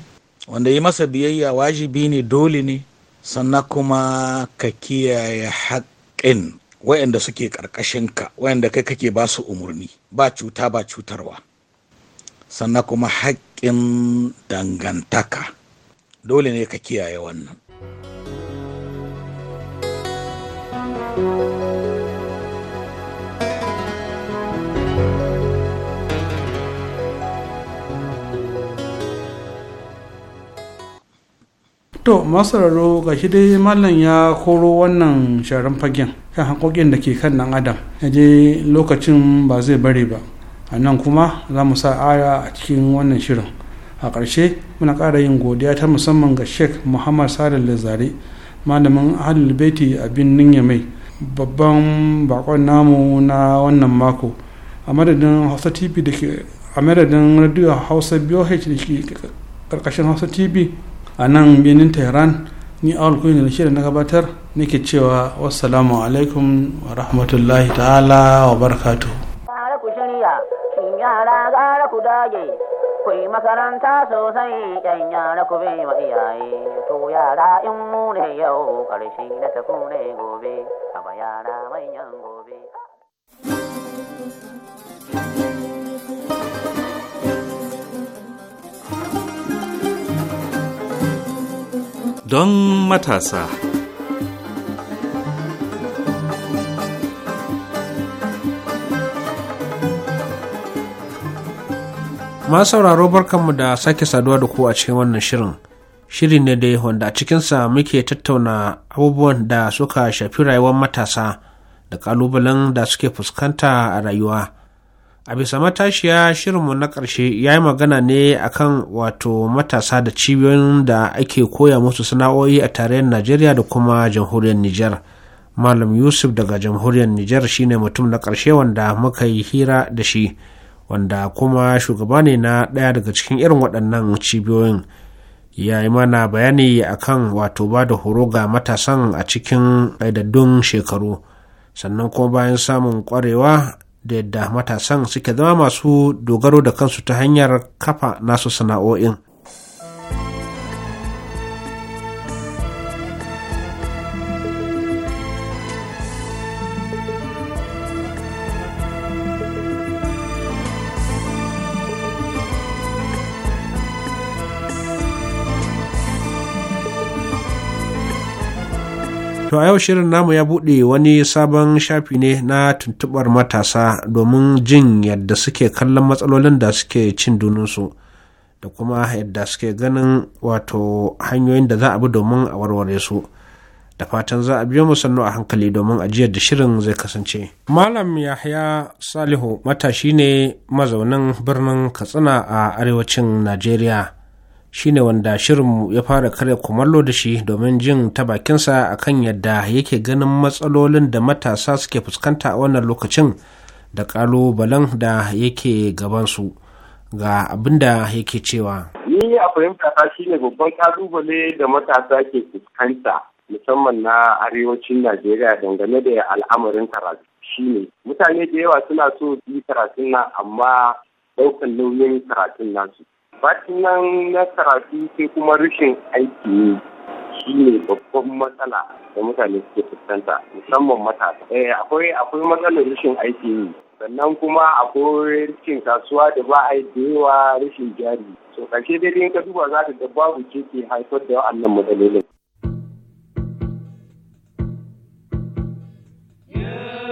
wanda yi masa biyayya wajibi ne dole ne sannan kuma ka kiyaye haƙƙin wayanda suke ƙarƙashinka wayanda kai kake ba su umarni ba cuta ba cutarwa sannan kuma haƙƙin dangantaka dole ne ka kiyaye wannan thank you to masararo ga shi dai mallam ya koro wannan sharan fagen kan hankokin da ke kan nan adam ya je lokacin ba zai bare ba a nan kuma za mu sa aya a cikin wannan shirin a ƙarshe muna ƙara yin godiya ta musamman ga sheikh muhammad salih zare malamin ahlul baiti a birnin yamai babban bakon namu na wannan mako a madadin hausa tv da ke a madadin radio hausa boh da ƙarƙashin hausa tv a nan birnin tehran ni awal kuyi na shirin na gabatar nake cewa wassalamu alaikum wa rahmatullahi ta'ala wa barakatu tare ku shirya yara gara ku dage ku makaranta sosai yan yara ku bai wa iyaye to yara in mu ne yau karshe na tafi ne gobe kama yara manyan gobe don matasa. Ma sauraro barkanmu da sake saduwa da ku a cikin wannan shirin. Shiri ne dai wanda a cikinsa muke tattauna abubuwan da suka shafi rayuwar matasa da ƙalubalen da suke fuskanta a rayuwa. a bisa matashiya shirinmu na ƙarshe ya yi magana ne akan wato matasa da cibiyoyin da ake koya musu sana'o'i a tarayyar najeriya da kuma jamhuriyar nijar malam yusuf daga jamhuriyar nijar shine mutum na ƙarshe wanda muka yi hira da shi wanda kuma shugaba ne na ɗaya daga cikin irin waɗannan cibiyoyin ya yi mana bayani akan wato ba da horo ga matasan a cikin ƙaidaddun shekaru sannan kuma bayan samun ƙwarewa da yadda matasan suke zama masu dogaro da kansu ta hanyar kafa nasu sana'o'in To a yau shirin namu ya buɗe wani sabon shafi ne na tuntuɓar matasa domin jin yadda suke kallon matsalolin da suke cin dununsu da kuma yadda suke ganin wato hanyoyin da za a bi domin a warware su. Da fatan za a biyo mu a hankali domin ajiyar da shirin zai kasance. Malam Yahya Salihu matashi ne mazaunin birnin Katsina a arewacin Najeriya. shine wanda shirinmu ya fara karya kumallo da shi domin jin ta bakinsa a kan yadda yake ganin matsalolin da matasa suke fuskanta a wannan lokacin da kalubalen da yake gabansu ga abin da yake cewa. Ni a fahimta ta shine babban kalubale da matasa ke fuskanta musamman na arewacin Najeriya dangane da al'amarin karatu shine mutane da yawa suna so su yi karatun nan amma ɗaukan nauyin karatun nasu batunan na karatu sai kuma rashin aiki ne shi ne babban matsala da mutane suke fuskanta musamman matasa. Eh, akwai akwai matsalar rashin aiki ne sannan kuma akwai rikin kasuwa da ba a yi da yawa rashin jari. So kashe daidai ka duba za ka da babu ce ke haifar da wa'annan matsalolin. Yeah.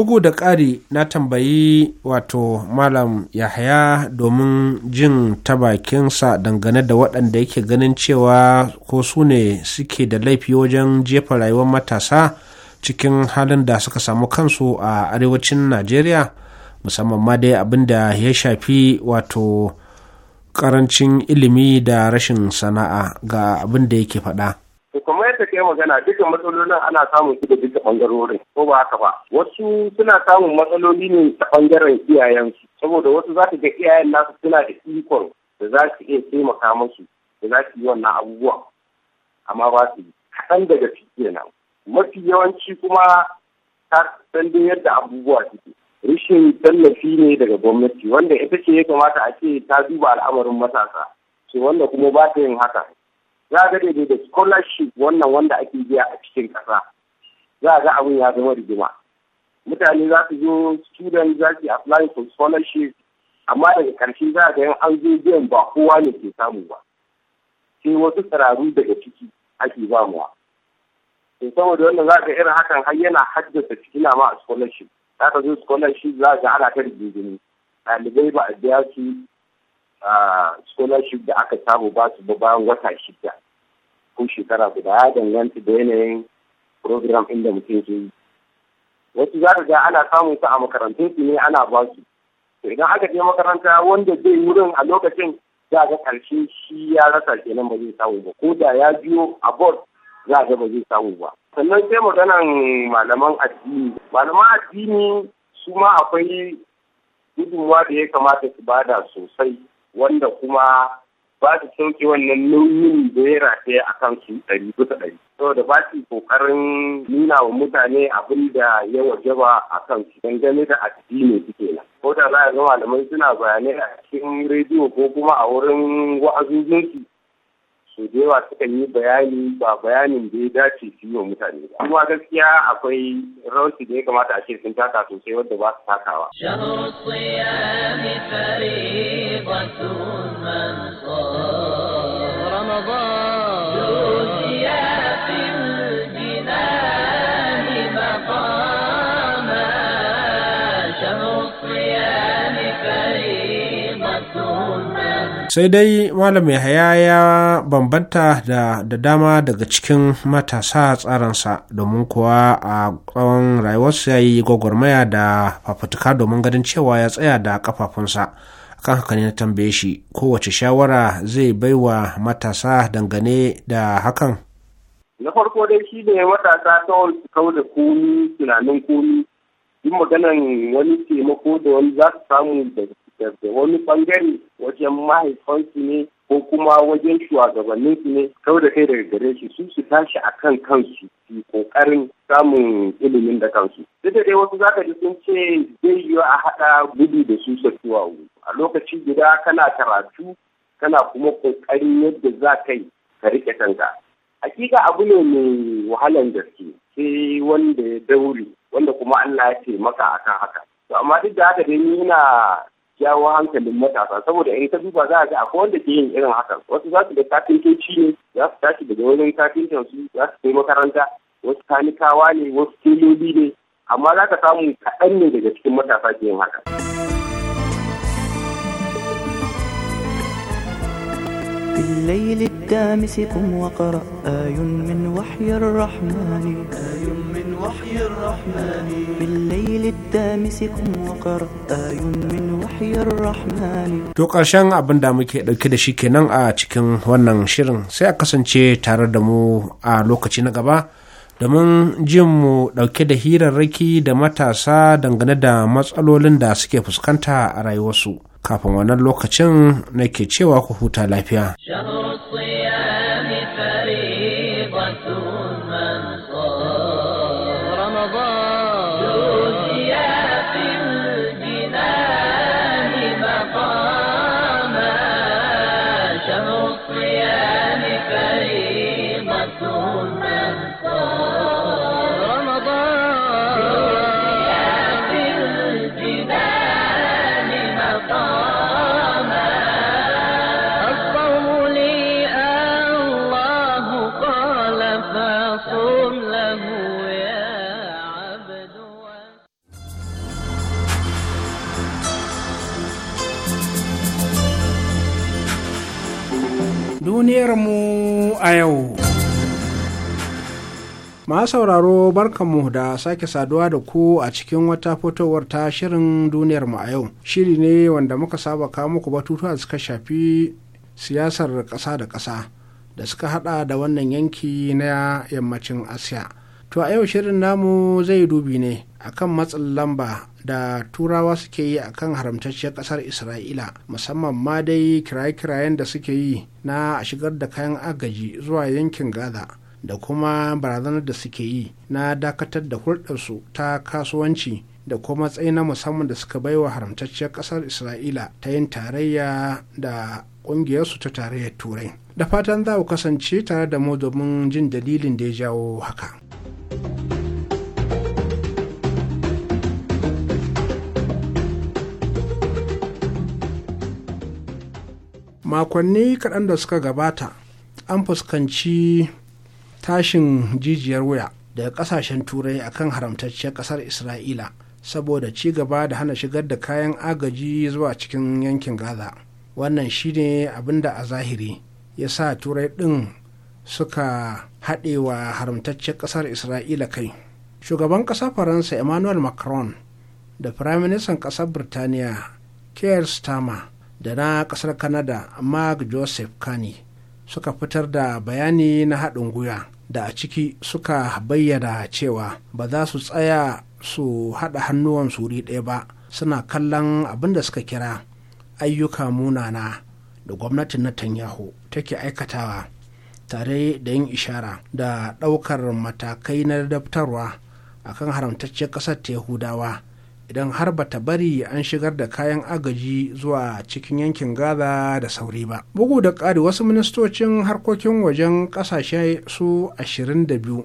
bugu da ƙari na tambayi wato malam yahaya domin jin ta bakinsa dangane da waɗanda yake ganin cewa ko su ne suke da laifi wajen jefa rayuwar matasa cikin halin da suka samu kansu a arewacin najeriya musamman ma dai abin da ya shafi wato ƙarancin ilimi da rashin sana'a ga abin da yake faɗa. To kuma yadda kai magana dukkan matsalolin ana samun su da duka bangarorin ko ba haka ba. Wasu suna samun matsaloli ne ta bangaren iyayensu saboda wasu za ga iyayen nasu suna da ikon da za su iya taimaka musu da za su yi wannan abubuwan amma ba su yi kaɗan daga ciki nan. Mafi yawanci kuma ta san yadda abubuwa suke. Rishin tallafi ne daga gwamnati wanda ita ce ya kamata a ce ta duba al'amarin matasa. Ce wanda kuma ba ta yin haka za ga daidai da scholarship wannan wanda ake biya a cikin ƙasa za ga abin ya zama rigima mutane za su zo student za su apply for scholarship amma daga ƙarshe za ga yan an zo biyan ba kowa ne ke samu ba sai wasu tsararru daga ciki ake bamuwa to saboda wannan za ga irin hakan har yana haddasa fitina ma a scholarship za ka zo scholarship za ga ana ta ɗalibai ba a biya su scholarship da aka samu ba su ba bayan wata shida ko shekara guda ya danganta da yanayin program inda mutum ke yi wasu za ka ga ana samun su a makarantun su ne ana ba su idan aka je makaranta wanda zai wurin a lokacin za ga karshe shi ya rasa kenan ba zai samu ba ko da ya biyo a board za ga ba zai samu ba sannan sai maganan malaman addini malaman addini su ma akwai gudunmuwa da ya kamata su bada sosai wanda kuma ba su sauke wannan nauyin da ya rafe a kan su ɗari bisa ɗari. Saboda ba su ƙoƙarin nuna wa mutane abin da ya wajaba a kan su dangane da addini suke nan. Ko da za a ga malamai suna bayanai a cikin rediyo ko kuma a wurin wa'azuzinsu so da yawa suka yi bayani ba bayanin da ya dace su yi wa mutane ba kuma gaskiya akwai rawarsu da ya kamata a ce sun taka sosai wadda ba su takawa Ramadan sai dai malam yahaya ya bambanta da da dama daga cikin matasa tsaransa domin kuwa a tsawon rayuwarsa ya yi gwagwarmaya da fafutuka domin ganin cewa ya tsaya da kafafunsa kan haka ne na tambaye shi kowace shawara zai bai wa matasa dangane da hakan na farko dai shi ne matasa ta wani kau da komi tunanin komi yin maganan wani taimako da wani za su samu daga daga wani bangare wajen mahaifansu ne ko kuma wajen su ne kau da kai daga gare shi su su tashi a kan kansu su kokarin samun ilimin da kansu duk da dai wasu zaka ji sun ce zai yiwu a haɗa gudu da su sattuwa a lokaci guda kana karatu kana kuma kokarin yadda za ka yi ka riƙe kanka hakika abu ne mai wahalan gaske sai wanda ya daure wanda kuma Allah ya taimaka akan haka to amma duk da haka dai ni ina jawo hankalin matasa saboda in ta duba za a ga akwai wanda ke yin irin haka wasu za su da kafintoci ne za su tashi daga wurin kafintan su za su kai makaranta wasu kanikawa ne wasu teloli ne amma za ka samu kaɗan ne daga cikin matasa ke yin haka. بالليل الدامس قم وقرأ آي من وحي الرحمن آي من وحي الرحمن بالليل الدامس قم وقرأ آي من وحي الرحمن to karshen abin da muke ɗauke da shi kenan a cikin wannan shirin sai a kasance tare da mu a lokaci na gaba domin jin mu dauke da hirarraki da matasa dangane da matsalolin da suke fuskanta a rayuwarsu. kafin wannan lokacin nake cewa ku huta lafiya. mu a yau. Ma sauraro barkanmu da sake saduwa da ku a cikin wata fitowar ta shirin duniyarmu a yau. Shiri ne wanda muka saba kawo muku batutuwa suka shafi siyasar ƙasa da ƙasa da suka hada da wannan yanki na yammacin Asiya. To a yau shirin namu zai dubi ne akan matsin lamba da turawa suke yi akan haramtacciyar kasar isra'ila musamman ma dai kiraye-kirayen da suke yi na a shigar da kayan agaji zuwa yankin gaza da kuma barazanar da suke yi na dakatar da hulɗarsu ta kasuwanci da kuma tsayi na musamman da suka baiwa haramtacciyar kasar isra'ila ta yin tarayya da ƙungiyarsu ta tarayyar turai da fatan za ku kasance tare da mu domin jin dalilin da ya jawo haka. makonni kaɗan da suka gabata an fuskanci tashin jijiyar wuya daga ƙasashen turai akan haramtacciyar ƙasar isra'ila saboda ci gaba da hana shigar da kayan agaji zuwa cikin yankin gaza wannan shine abin da a zahiri ya sa turai ɗin suka haɗe wa haramtacciyar ƙasar isra'ila kai shugaban ƙasar faransa emmanuel macron da firaministan ƙasar birtaniya keir starmer da na kasar Kanada, mark joseph kani suka fitar da bayani na haɗin gwiwa da a ciki suka bayyana cewa ba za su tsaya su haɗa hannuwan suri ɗaya ba suna kallon abin da suka kira ayyuka munana da gwamnati gwamnatin Netanyahu take aikatawa tare da yin ishara da ɗaukar matakai na daftarwa akan haramtacciyar ƙasar ta Yahudawa idan har bata bari an shigar da kayan agaji zuwa cikin yankin gaza da sauri ba bugu da ƙari wasu ministocin harkokin wajen ƙasashe su 22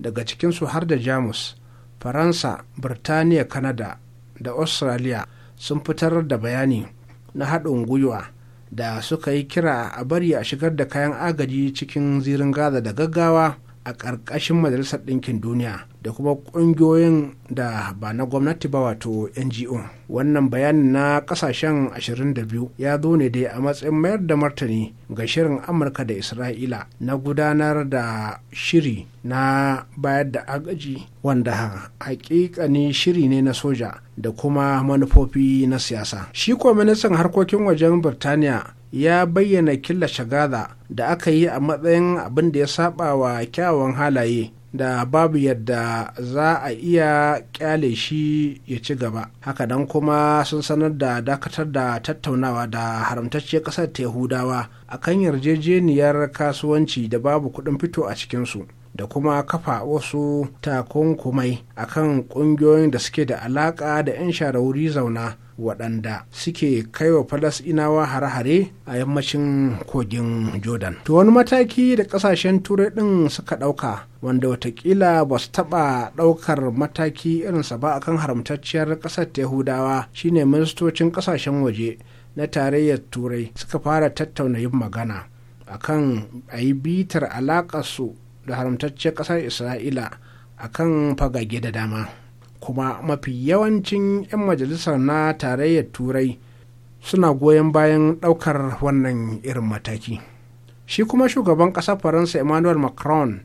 daga cikinsu har da jamus faransa birtaniya kanada da australia sun fitar da bayani na haɗin gwiwa da suka yi kira a bari a shigar da kayan agaji cikin zirin gaza da gaggawa a ƙarƙashin majalisar ɗinkin duniya da kuma ƙungiyoyin da ba na gwamnati ba wato ngo wannan bayanin na ƙasashen 22 ya zo ne dai a matsayin mayar da martani ga shirin amurka da isra'ila na gudanar da shiri na bayar da agaji wanda hakikani shiri ne na soja da kuma manufofi na siyasa shi kuwa ministan harkokin wajen birtaniya ya bayyana killa gaza da aka yi a matsayin abin da ya saba wa kyawawan halaye da babu yadda za a iya kyale shi ya ci gaba haka hakanan kuma sun sanar da dakatar da tattaunawa da haramtacciyar ƙasar Tehudawa, a kan yarjejeniyar kasuwanci da babu kuɗin fito a cikinsu da kuma kafa wasu takunkumai a kan ƙungiyoyin da suke da alaƙa da 'yan shara wuri zauna waɗanda suke kaiwa falasɗinawa hare-hare a yammacin kogin jordan to wani mataki da ƙasashen turai ɗin suka ɗauka wanda watakila ba su taɓa ɗaukar mataki irinsa ba akan haramtacciyar ƙasar ta yahudawa shine ministocin ƙasashen waje na tarayyar turai suka fara tattauna yin magana akan a yi bitar alaƙarsu da haramtacciyar ƙasar isra'ila akan fagage da dama kuma mafi yawancin 'yan majalisar na tarayyar turai suna goyon bayan ɗaukar wannan irin mataki shi kuma shugaban ƙasar faransa emmanuel macron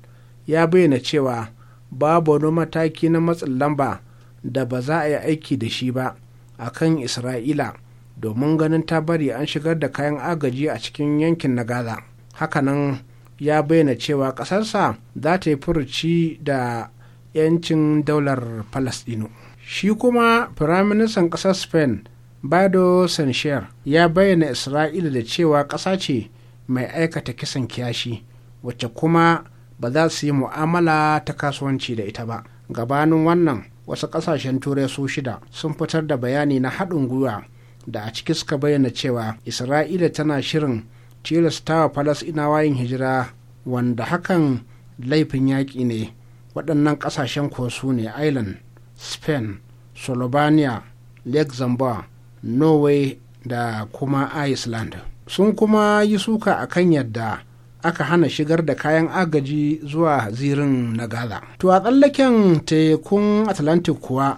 ya bayyana cewa babu wani mataki na matsin lamba da ba za a yi aiki da shi ba a kan isra'ila domin ganin ta bari an shigar da kayan agaji a cikin yankin na gaza hakanan ya bayyana cewa ƙasarsa za ta yi furuci da 'yancin daular palestino shi kuma firaministan ƙasar spain bado sancher ya bayyana isra'ila da cewa ƙasa ce mai aikata kisan kiyashi wacce kuma ba za su yi mu'amala ta kasuwanci da ita ba gabanin wannan wasu ƙasashen turai su shida sun fitar da bayani na haɗin gwiwa da a ciki suka bayyana cewa isra'ila tana shirin tilastawa falasɗinawa yin hijira wanda hakan laifin yaƙi ne waɗannan ƙasashen ko su ne ireland spain slovenia luxembourg norway da kuma iceland sun kuma yi suka a kan yadda aka hana shigar da kayan agaji zuwa zirin na gaza to a tsallaken tekun atlantic kuwa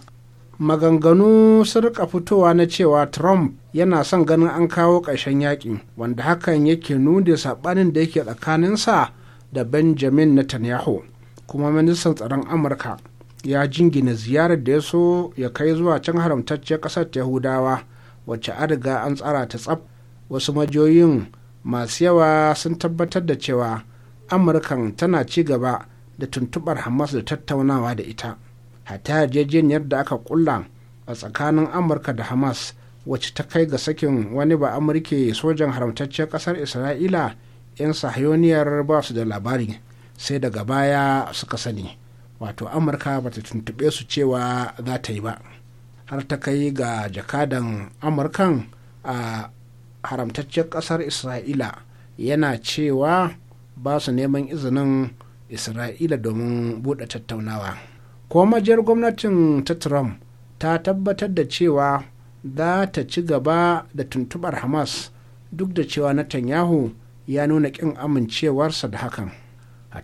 maganganu sun rika fitowa na cewa trump yana son ganin an kawo ƙarshen yakin wanda hakan yake nuna saɓanin da yake tsakaninsa da benjamin netanyahu kuma ministan tsaron amurka ya jingina ziyarar da ya so ya kai zuwa can haramtacciyar kasar ta yahudawa wacce an riga an tsara ta tsab wasu majoyin masu yawa sun tabbatar da cewa amurkan tana ci gaba da tuntubar hamas da tattaunawa da ita hatta yarjejeniyar da aka kulla a tsakanin amurka da hamas wacce ta kai ga sakin wani ba amurke sojan haramtacciyar kasar isra'ila 'yan sahayoniyar ba su da labari sai daga baya suka sani wato amurka bata tuntube su cewa za ta yi ba har ta kai ga jakadan amurkan a haramtaccen kasar isra'ila yana cewa ba su neman izinin isra'ila domin buɗe tattaunawa ko majiyar gwamnatin ta trump ta tabbatar da cewa za ta ci gaba da tuntubar hamas duk da cewa netanyahu ya nuna ƙin amincewarsa da hakan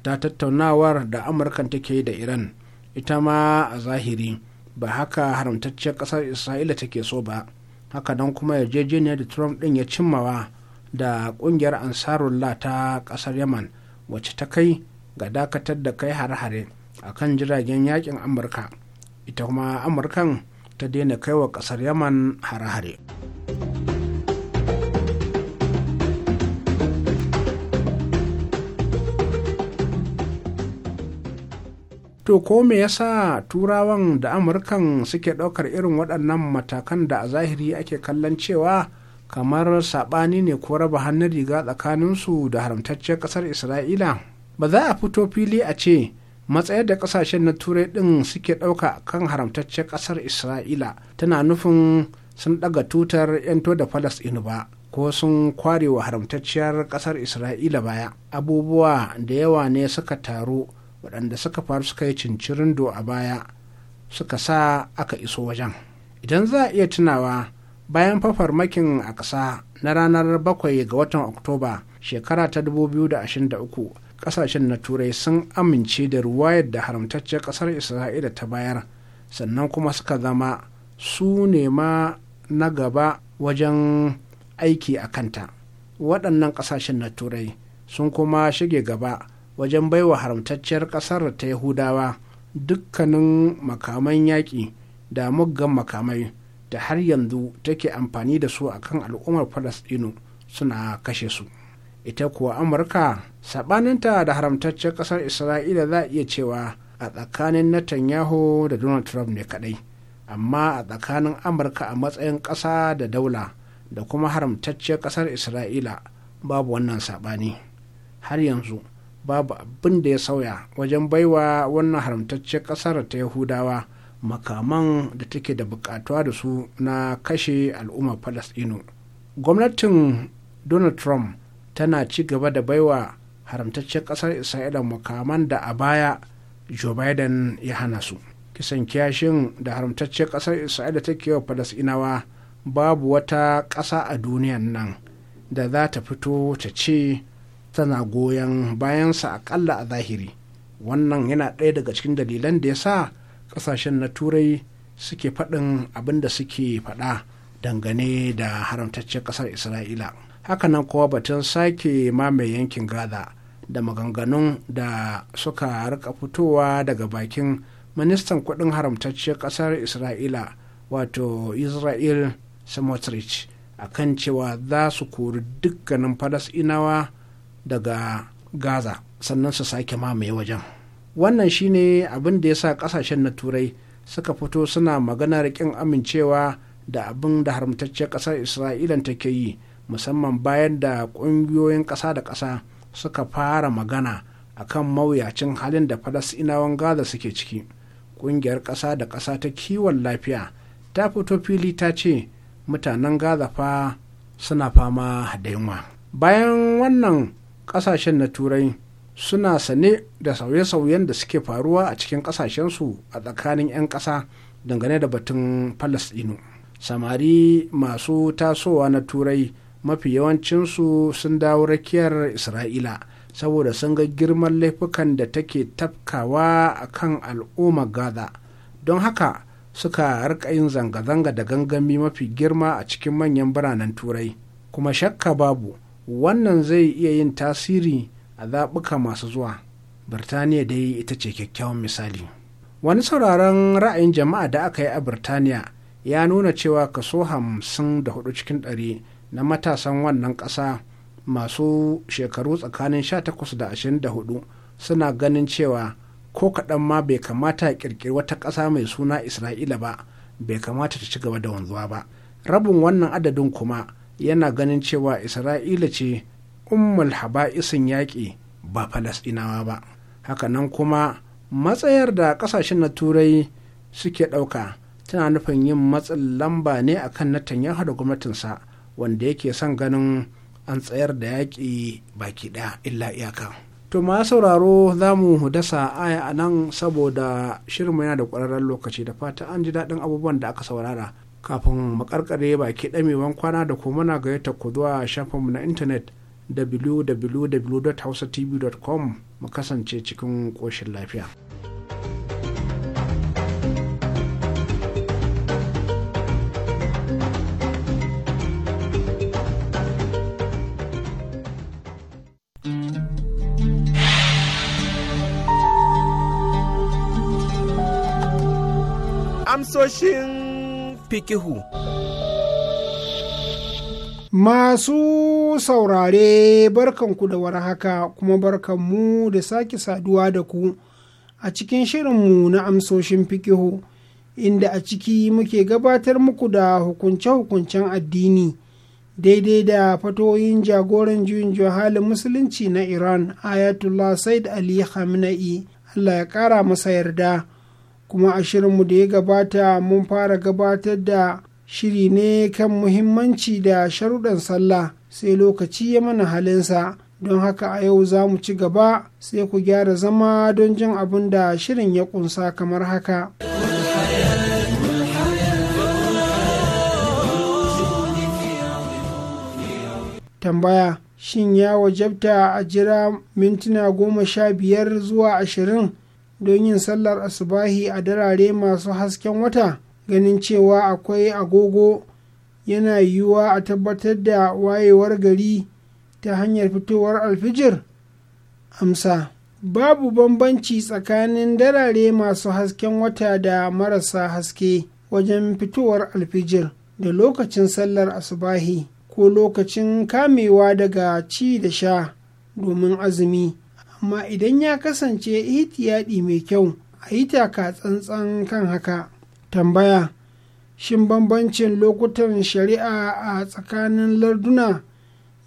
ta tattaunawar da amurkan take da iran ita ma a zahiri ba haka haramtacciyar ƙasar isra'ila take so ba haka nan kuma yarjejeniyar da trump din ya cimmawa da ƙungiyar ansarullah ta ƙasar yaman wacce ta kai ga dakatar da kai har hare a kan jiragen yakin amurka ita kuma amurkan ta daina kai wa ƙasar yaman har hare to ko me yasa turawan da amurkan suke ɗaukar irin waɗannan matakan da a zahiri ake kallon cewa kamar saɓani ne ko raba hannun riga tsakaninsu da haramtacciyar ƙasar isra'ila ba za a fito fili a ce matsayar da ƙasashen na turai ɗin suke ɗauka kan haramtacciyar ƙasar isra'ila tana nufin sun ɗaga tutar 'yanto da falasɗinu ba ko sun kwarewa wa haramtacciyar ƙasar isra'ila baya abubuwa da yawa ne suka taru waɗanda suka faru suka yi cincirin do a baya suka sa aka iso wajen idan za a iya tunawa bayan fafarmakin a ƙasa na ranar bakwai ga watan oktoba shekara ta 2023 ƙasashen na turai sun amince da ruwayar da haramtaccen ƙasar isra'ila ta bayar sannan kuma suka zama su nema na gaba wajen aiki a kanta waɗannan ƙasashen na turai sun kuma shige gaba wajen baiwa haramtacciyar ƙasar ta yahudawa dukkanin makaman yaƙi da muggan makamai da har yanzu take amfani da su akan al'ummar falasɗinu suna kashe su ita kuwa amurka saɓaninta da haramtacciyar ƙasar isra'ila za a iya cewa a tsakanin netanyahu da donald trump ne kaɗai amma a tsakanin amurka a matsayin ƙasa da daula da kuma haramtacciyar ƙasar isra'ila babu wannan saɓani har yanzu babu abin da ya sauya wajen baiwa wannan haramtacce ƙasar ta yahudawa makaman da take da bukatuwa da su na kashe al'ummar falasɗinu gwamnatin donald trump tana ci gaba da baiwa haramtacce kasar isra'ila makaman da a baya joe biden ya hana su kisan kiyashin da haramtacce kasar isra'ila take wa falasɗinawa babu wata ƙasa a duniyan nan da za ta fito ta ce tana goyon bayansa akalla a zahiri wannan yana ɗaya daga cikin dalilan da ya sa ƙasashen na turai suke faɗin abin da suke faɗa dangane da haramtaccen ƙasar isra'ila hakanan kowa batun sake mamaye yankin gaza da maganganun da suka rika fitowa daga bakin ministan kuɗin haramtacciyar ƙasar isra'ila wato israel samotrich a kan cewa za su kori dukkanin falasinawa daga gaza sannan su sake mamaye wajen wannan shine abin da ya sa kasashen na turai suka fito suna maganar kin amincewa da abin da haramtacciyar kasar isra'ilan take yi musamman bayan da kungiyoyin kasa da kasa suka fara magana a kan mawuyacin halin da falasinawan gaza suke ciki kungiyar kasa da kasa ta kiwon lafiya ta fito fili ta ce mutanen gaza fa suna fama da yunwa bayan wannan ƙasashen na turai suna sane da sauye-sauyen da suke faruwa a cikin ƙasashensu a tsakanin 'yan ƙasa dangane da batun palestino samari masu tasowa na turai mafi yawancinsu sun dawo rakiyar isra'ila saboda sun ga girman laifukan da take tafkawa a kan al'ummar gaza don haka suka rika yin zanga-zanga da gangami mafi girma a cikin manyan biranen turai kuma shakka babu wannan zai iya yin tasiri a zaɓuka masu zuwa birtaniya dai ita ce kyakkyawan misali wani sauraron ra'ayin jama'a da aka yi a birtaniya ya nuna cewa kaso hamsin da hudu cikin ɗari na matasan wannan ƙasa masu shekaru tsakanin 18 da 24 suna ganin cewa ko kaɗan ma bai kamata a ƙirƙiri wata ƙasa mai suna isra'ila ba bai kamata ta ci gaba da wanzuwa ba rabin wannan adadin kuma yana ganin cewa isra'ila ce ummul haba'isin yaƙi ba falasɗinawa ba hakanan kuma matsayar da ƙasashen na turai suke ɗauka tana nufin yin matsin lamba ne akan Netanyahu da gwamnatinsa wanda yake son ganin an tsayar da yaƙi baki ɗaya illa iyaka. To ma sauraro za mu dasa aya a nan saboda shirinmu yana da ƙwararren lokaci da fata an ji daɗin abubuwan da aka saurara. kafin makarkare baki damewan kwana da kuma muna gayyata ku zuwa shafinmu na intanet www.hausatv.com mu kasance cikin ƙoshin lafiya. Amsoshin fikihu. Masu saurare barkanku da warhaka haka kuma barkanmu da sake saduwa da ku a cikin shirinmu na amsoshin fikihu inda a ciki muke gabatar muku da hukunce-hukuncen addini daidai da fatoyin jagoran juyin halin musulunci na Iran Ayatollah Said Ali Khamenei Allah ya ƙara masa yarda. kuma a shirinmu da ya gabata mun fara gabatar da shiri ne kan muhimmanci da sharuɗan sallah sai lokaci ya mana halinsa don haka a yau za mu ci gaba sai ku gyara zama don jin abin da shirin ya ƙunsa kamar haka. tambaya shin ya wajabta a jira mintuna goma sha biyar zuwa ashirin don yin sallar asubahi a darare masu hasken wata ganin cewa akwai agogo yana yiwuwa a tabbatar da wayewar gari ta hanyar fitowar alfijir amsa babu bambanci tsakanin darare masu hasken wata da marasa haske wajen fitowar alfijir da lokacin sallar asubahi ko lokacin kamewa daga ci da sha domin azumi amma idan ya kasance ihtiyadi mai kyau a yi taka tsantsan kan haka tambaya shin bambancin lokutan shari'a a tsakanin larduna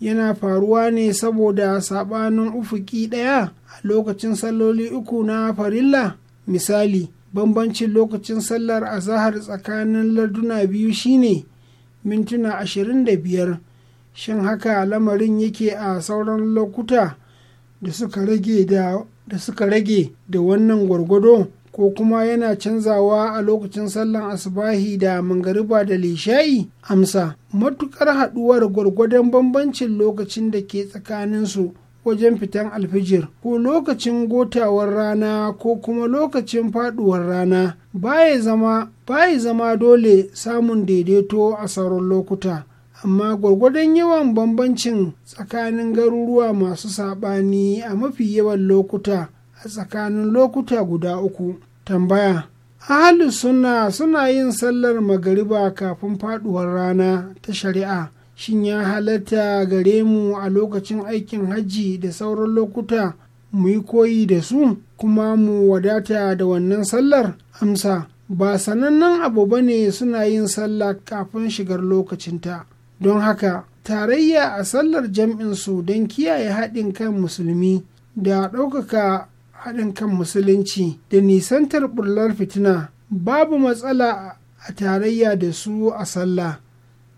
yana faruwa ne saboda sabanin ufuki ɗaya a lokacin saloli uku na farilla misali bambancin lokacin sallar azahar tsakanin larduna biyu shine mintuna ashirin da biyar shin haka lamarin yake a sauran lokuta da suka rage da wannan gwargwado ko kuma yana canzawa a lokacin sallan asubahi da mangariba da lishayi amsa matukar haɗuwar gwargwadon bambancin lokacin da ke tsakaninsu wajen fitan alfijir ko lokacin gotawar rana ko kuma lokacin faduwar rana baya zama zama dole samun daidaito a sauran lokuta amma gwargwadon yawan bambancin tsakanin garuruwa masu saɓani a mafi yawan lokuta a tsakanin lokuta guda uku tambaya ahalin suna suna yin sallar magariba kafin faduwar rana ta shari'a shin ya halatta gare mu a lokacin aikin hajji da sauran lokuta mu yi koyi da su kuma mu wadata da wannan sallar amsa ba sanannen abu bane suna yin sallah kafin shigar lokacinta don haka tarayya a sallar jam'insu don kiyaye haɗin kan musulmi da ɗaukaka haɗin kan musulunci da nisantar ɓullar fitina babu matsala a tarayya da su a sallah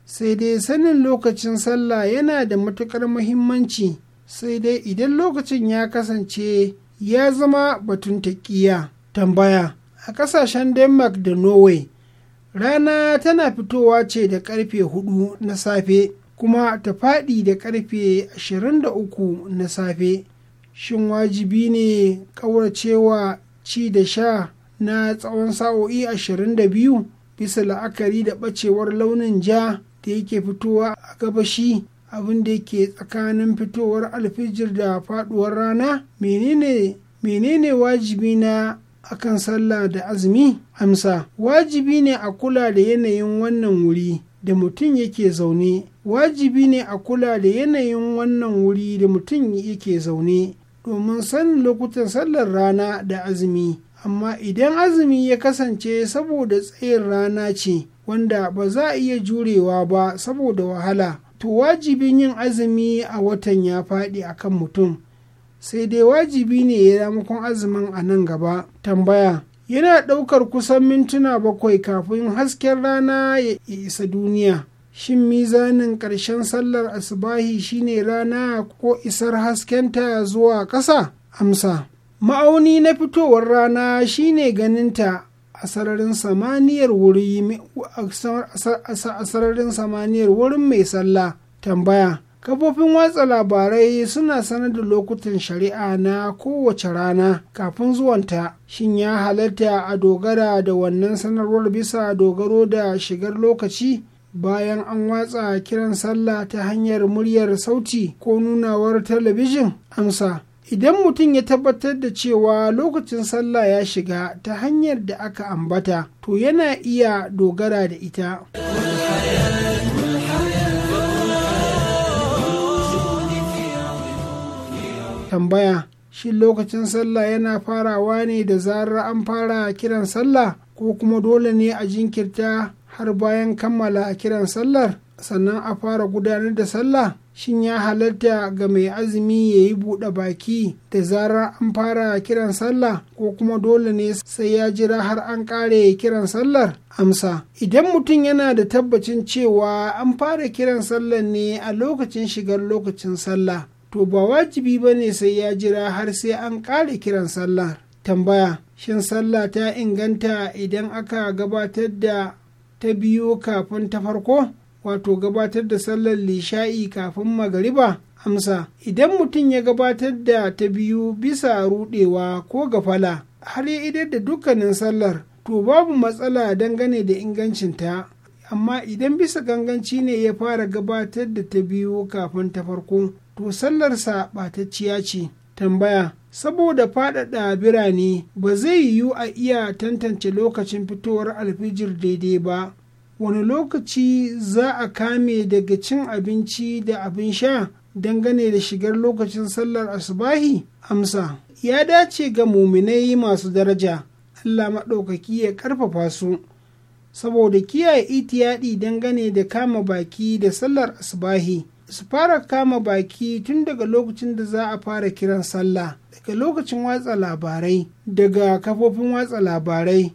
sai dai sanin lokacin sallah yana da matuƙar muhimmanci sai dai idan lokacin ya kasance ya zama batun taƙiya tambaya a ƙasashen denmark da norway rana tana fitowa ce da karfe hudu na safe kuma ta faɗi da karfe 23 na safe shin wajibi ne ƙauracewa ci da sha na tsawon sa'o'i 22 bisa la'akari da ɓacewar launin ja da yake fitowa a gabashi abin da yake tsakanin fitowar alfijir da faɗuwar rana menene wajibi na akan sallah da azumi amsa wajibi ne a kula da yanayin wannan wuri da mutum yake zaune wajibi ne a kula da yanayin wannan wuri da mutum yake zaune domin sanin lokutan sallar rana da azumi amma idan azumi ya kasance saboda tsayin rana ce wanda ba za a iya jurewa ba saboda wahala to wajibin yin azumi a watan ya faɗi akan mutum sai dai wajibi ne ya ramakon azumin a nan gaba tambaya yana ɗaukar kusan mintuna bakwai kafin hasken rana ya isa duniya shin mizanin ƙarshen sallar asubahi shine rana ko isar hasken haskenta zuwa ƙasa amsa ma'auni na fitowar rana shine ganinta a sararin samaniyar wuri a sararin samaniyar wurin mai sallah tambaya kafofin watsa labarai suna sanar da lokutan shari'a na kowace rana kafin zuwanta shin ya halatta a dogara da wannan sanarwar bisa dogaro da shigar lokaci bayan an watsa kiran sallah ta hanyar muryar sauti ko nunawar talabijin amsa idan mutum ya tabbatar da cewa lokacin sallah ya shiga ta hanyar da aka ambata to yana iya dogara da ita tambaya shi lokacin sallah yana farawa ne da zarar an fara kiran sallah ko kuma dole ne a jinkirta har bayan kammala kiran sallar sannan a fara gudanar da sallah shin ya halatta ga mai azumi ya yi buɗe baki da zarar an fara kiran sallah ko kuma dole ne sai ya jira har an ƙare kiran sallar amsa idan mutum yana da tabbacin cewa an fara kiran sallar ne a lokacin shigar lokacin sallah to ba wajibi ba ne sai ya jira har sai an ƙare kiran sallah tambaya shin sallah ta inganta idan aka gabatar da ta biyu kafin ta farko wato gabatar da sallar lisha'i kafin magariba amsa idan mutum ya gabatar da ta biyu bisa rudewa ko gafala har ya idar da dukkanin sallar to babu matsala dangane da ingancinta amma idan bisa ganganci ne ya fara gabatar da ta biyu kafin ta farko to sallarsa ɓatacciya ce tambaya saboda faɗaɗa birane ba zai yiwu a iya tantance lokacin fitowar alfijir daidai ba wani lokaci za a kame daga cin abinci da abin sha dangane da shigar lokacin sallar asubahi amsa ya dace ga muminai masu daraja allah maɗaukaki ya ƙarfafa su saboda kiyaye itiyadi dangane da kama baki da sallar asubahi su fara kama baki tun daga lokacin da za a fara kiran sallah daga lokacin watsa labarai daga kafofin watsa labarai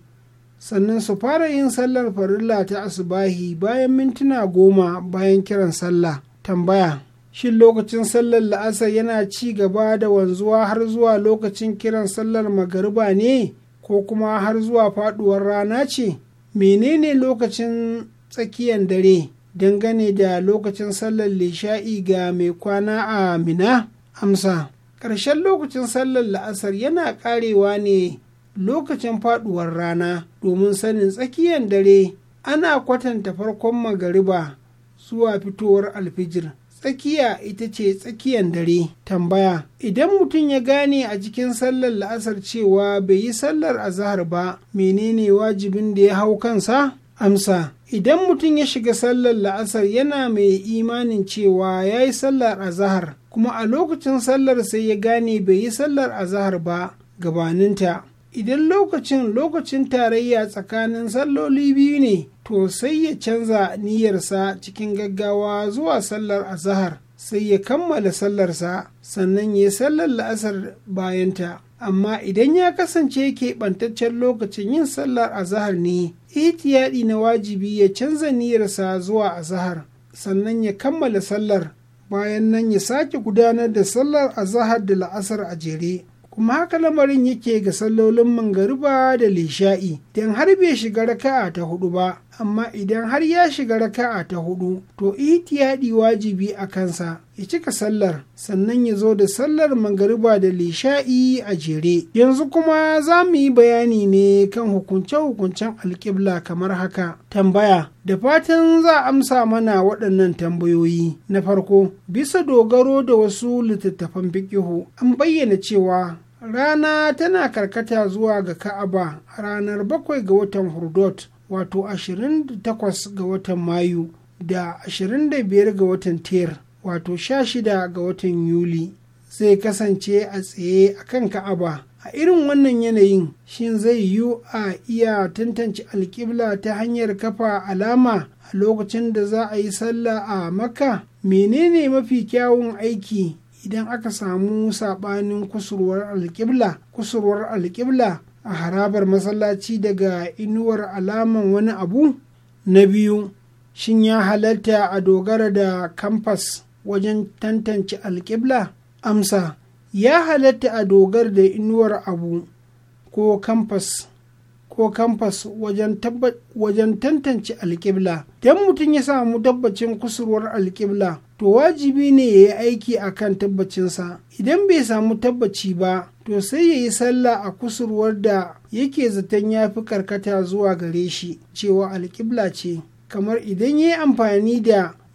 sannan su fara yin sallar farilla ta asubahi bayan mintuna goma bayan kiran sallah tambaya shin lokacin sallar la'asar yana ci gaba da wanzuwa har zuwa lokacin kiran sallar magariba ne ko kuma har zuwa faduwar rana ce menene lokacin tsakiyar dare dangane da lokacin sallar lisha'i ga mai kwana a mina amsa ƙarshen lokacin sallar la'asar yana ƙarewa ne lokacin faɗuwar rana domin sanin tsakiyar dare ana kwatanta farkon magariba zuwa fitowar alfijir tsakiya ita ce tsakiyar dare tambaya idan mutum ya gane a cikin sallar la'asar cewa bai yi sallar azahar ba menene wajibin da ya hau kansa amsa idan mutum ya shiga sallar la'asar yana mai imanin cewa ya yi sallar azahar kuma a lokacin sallar sai ya gane bai yi sallar azahar ba gabaninta idan lokacin lokacin tarayya tsakanin salloli biyu ne to sai ya canza niyyarsa cikin gaggawa zuwa sallar azahar sai ya kammala sallarsa sannan ya sallar la'asar bayanta amma idan ya kasance keɓantaccen lokacin yin sallar azahar ne ihtiyadi na wajibi ya canza niyyarsa zuwa azahar sannan ya kammala sallar bayan nan ya sake gudanar da sallar azahar da la'asar a jere kuma haka lamarin yake ga sallolin mangariba da lishai don har bai shiga raka'a ta hudu ba amma idan har ya shiga raka'a ta hudu to ihtiyadi wajibi a kansa ya cika sallar sannan ya zo da sallar magariba da lisha'i a jere yanzu kuma za mu yi bayani ne kan hukunce-hukuncen alƙibla kamar haka tambaya da fatan za amsa mana waɗannan tambayoyi na farko bisa dogaro da wasu littattafan bikihu an bayyana cewa rana tana karkata zuwa ga ka'aba ranar bakwai ga watan hurdot wato 28 ga watan mayu da 25 ga watan tir wato sha shida ga watan yuli zai kasance a tsaye a kan ka'aba a irin wannan yanayin shin zai yiwu a iya tantance alƙibla ta hanyar kafa alama a lokacin da za a yi sallah a makka menene mafi kyawun aiki idan aka samu saɓanin kusurwar alƙibla kusurwar alƙibla a harabar masallaci daga inuwar alaman wani abu na biyu shin ya halatta a dogara da kamfas wajen tantance alƙibla amsa ya halatta a dogar da inuwar abu ko kamfas ko kamfas wajen tantance alƙibla don mutum ya samu tabbacin kusurwar alƙibla to wajibi ne ya yi aiki a kan tabbacinsa idan bai samu tabbaci ba to sai ya yi sallah a kusurwar da yake zaton ya fi karkata zuwa gare shi cewa alƙibla ce kamar idan ya yi amfani da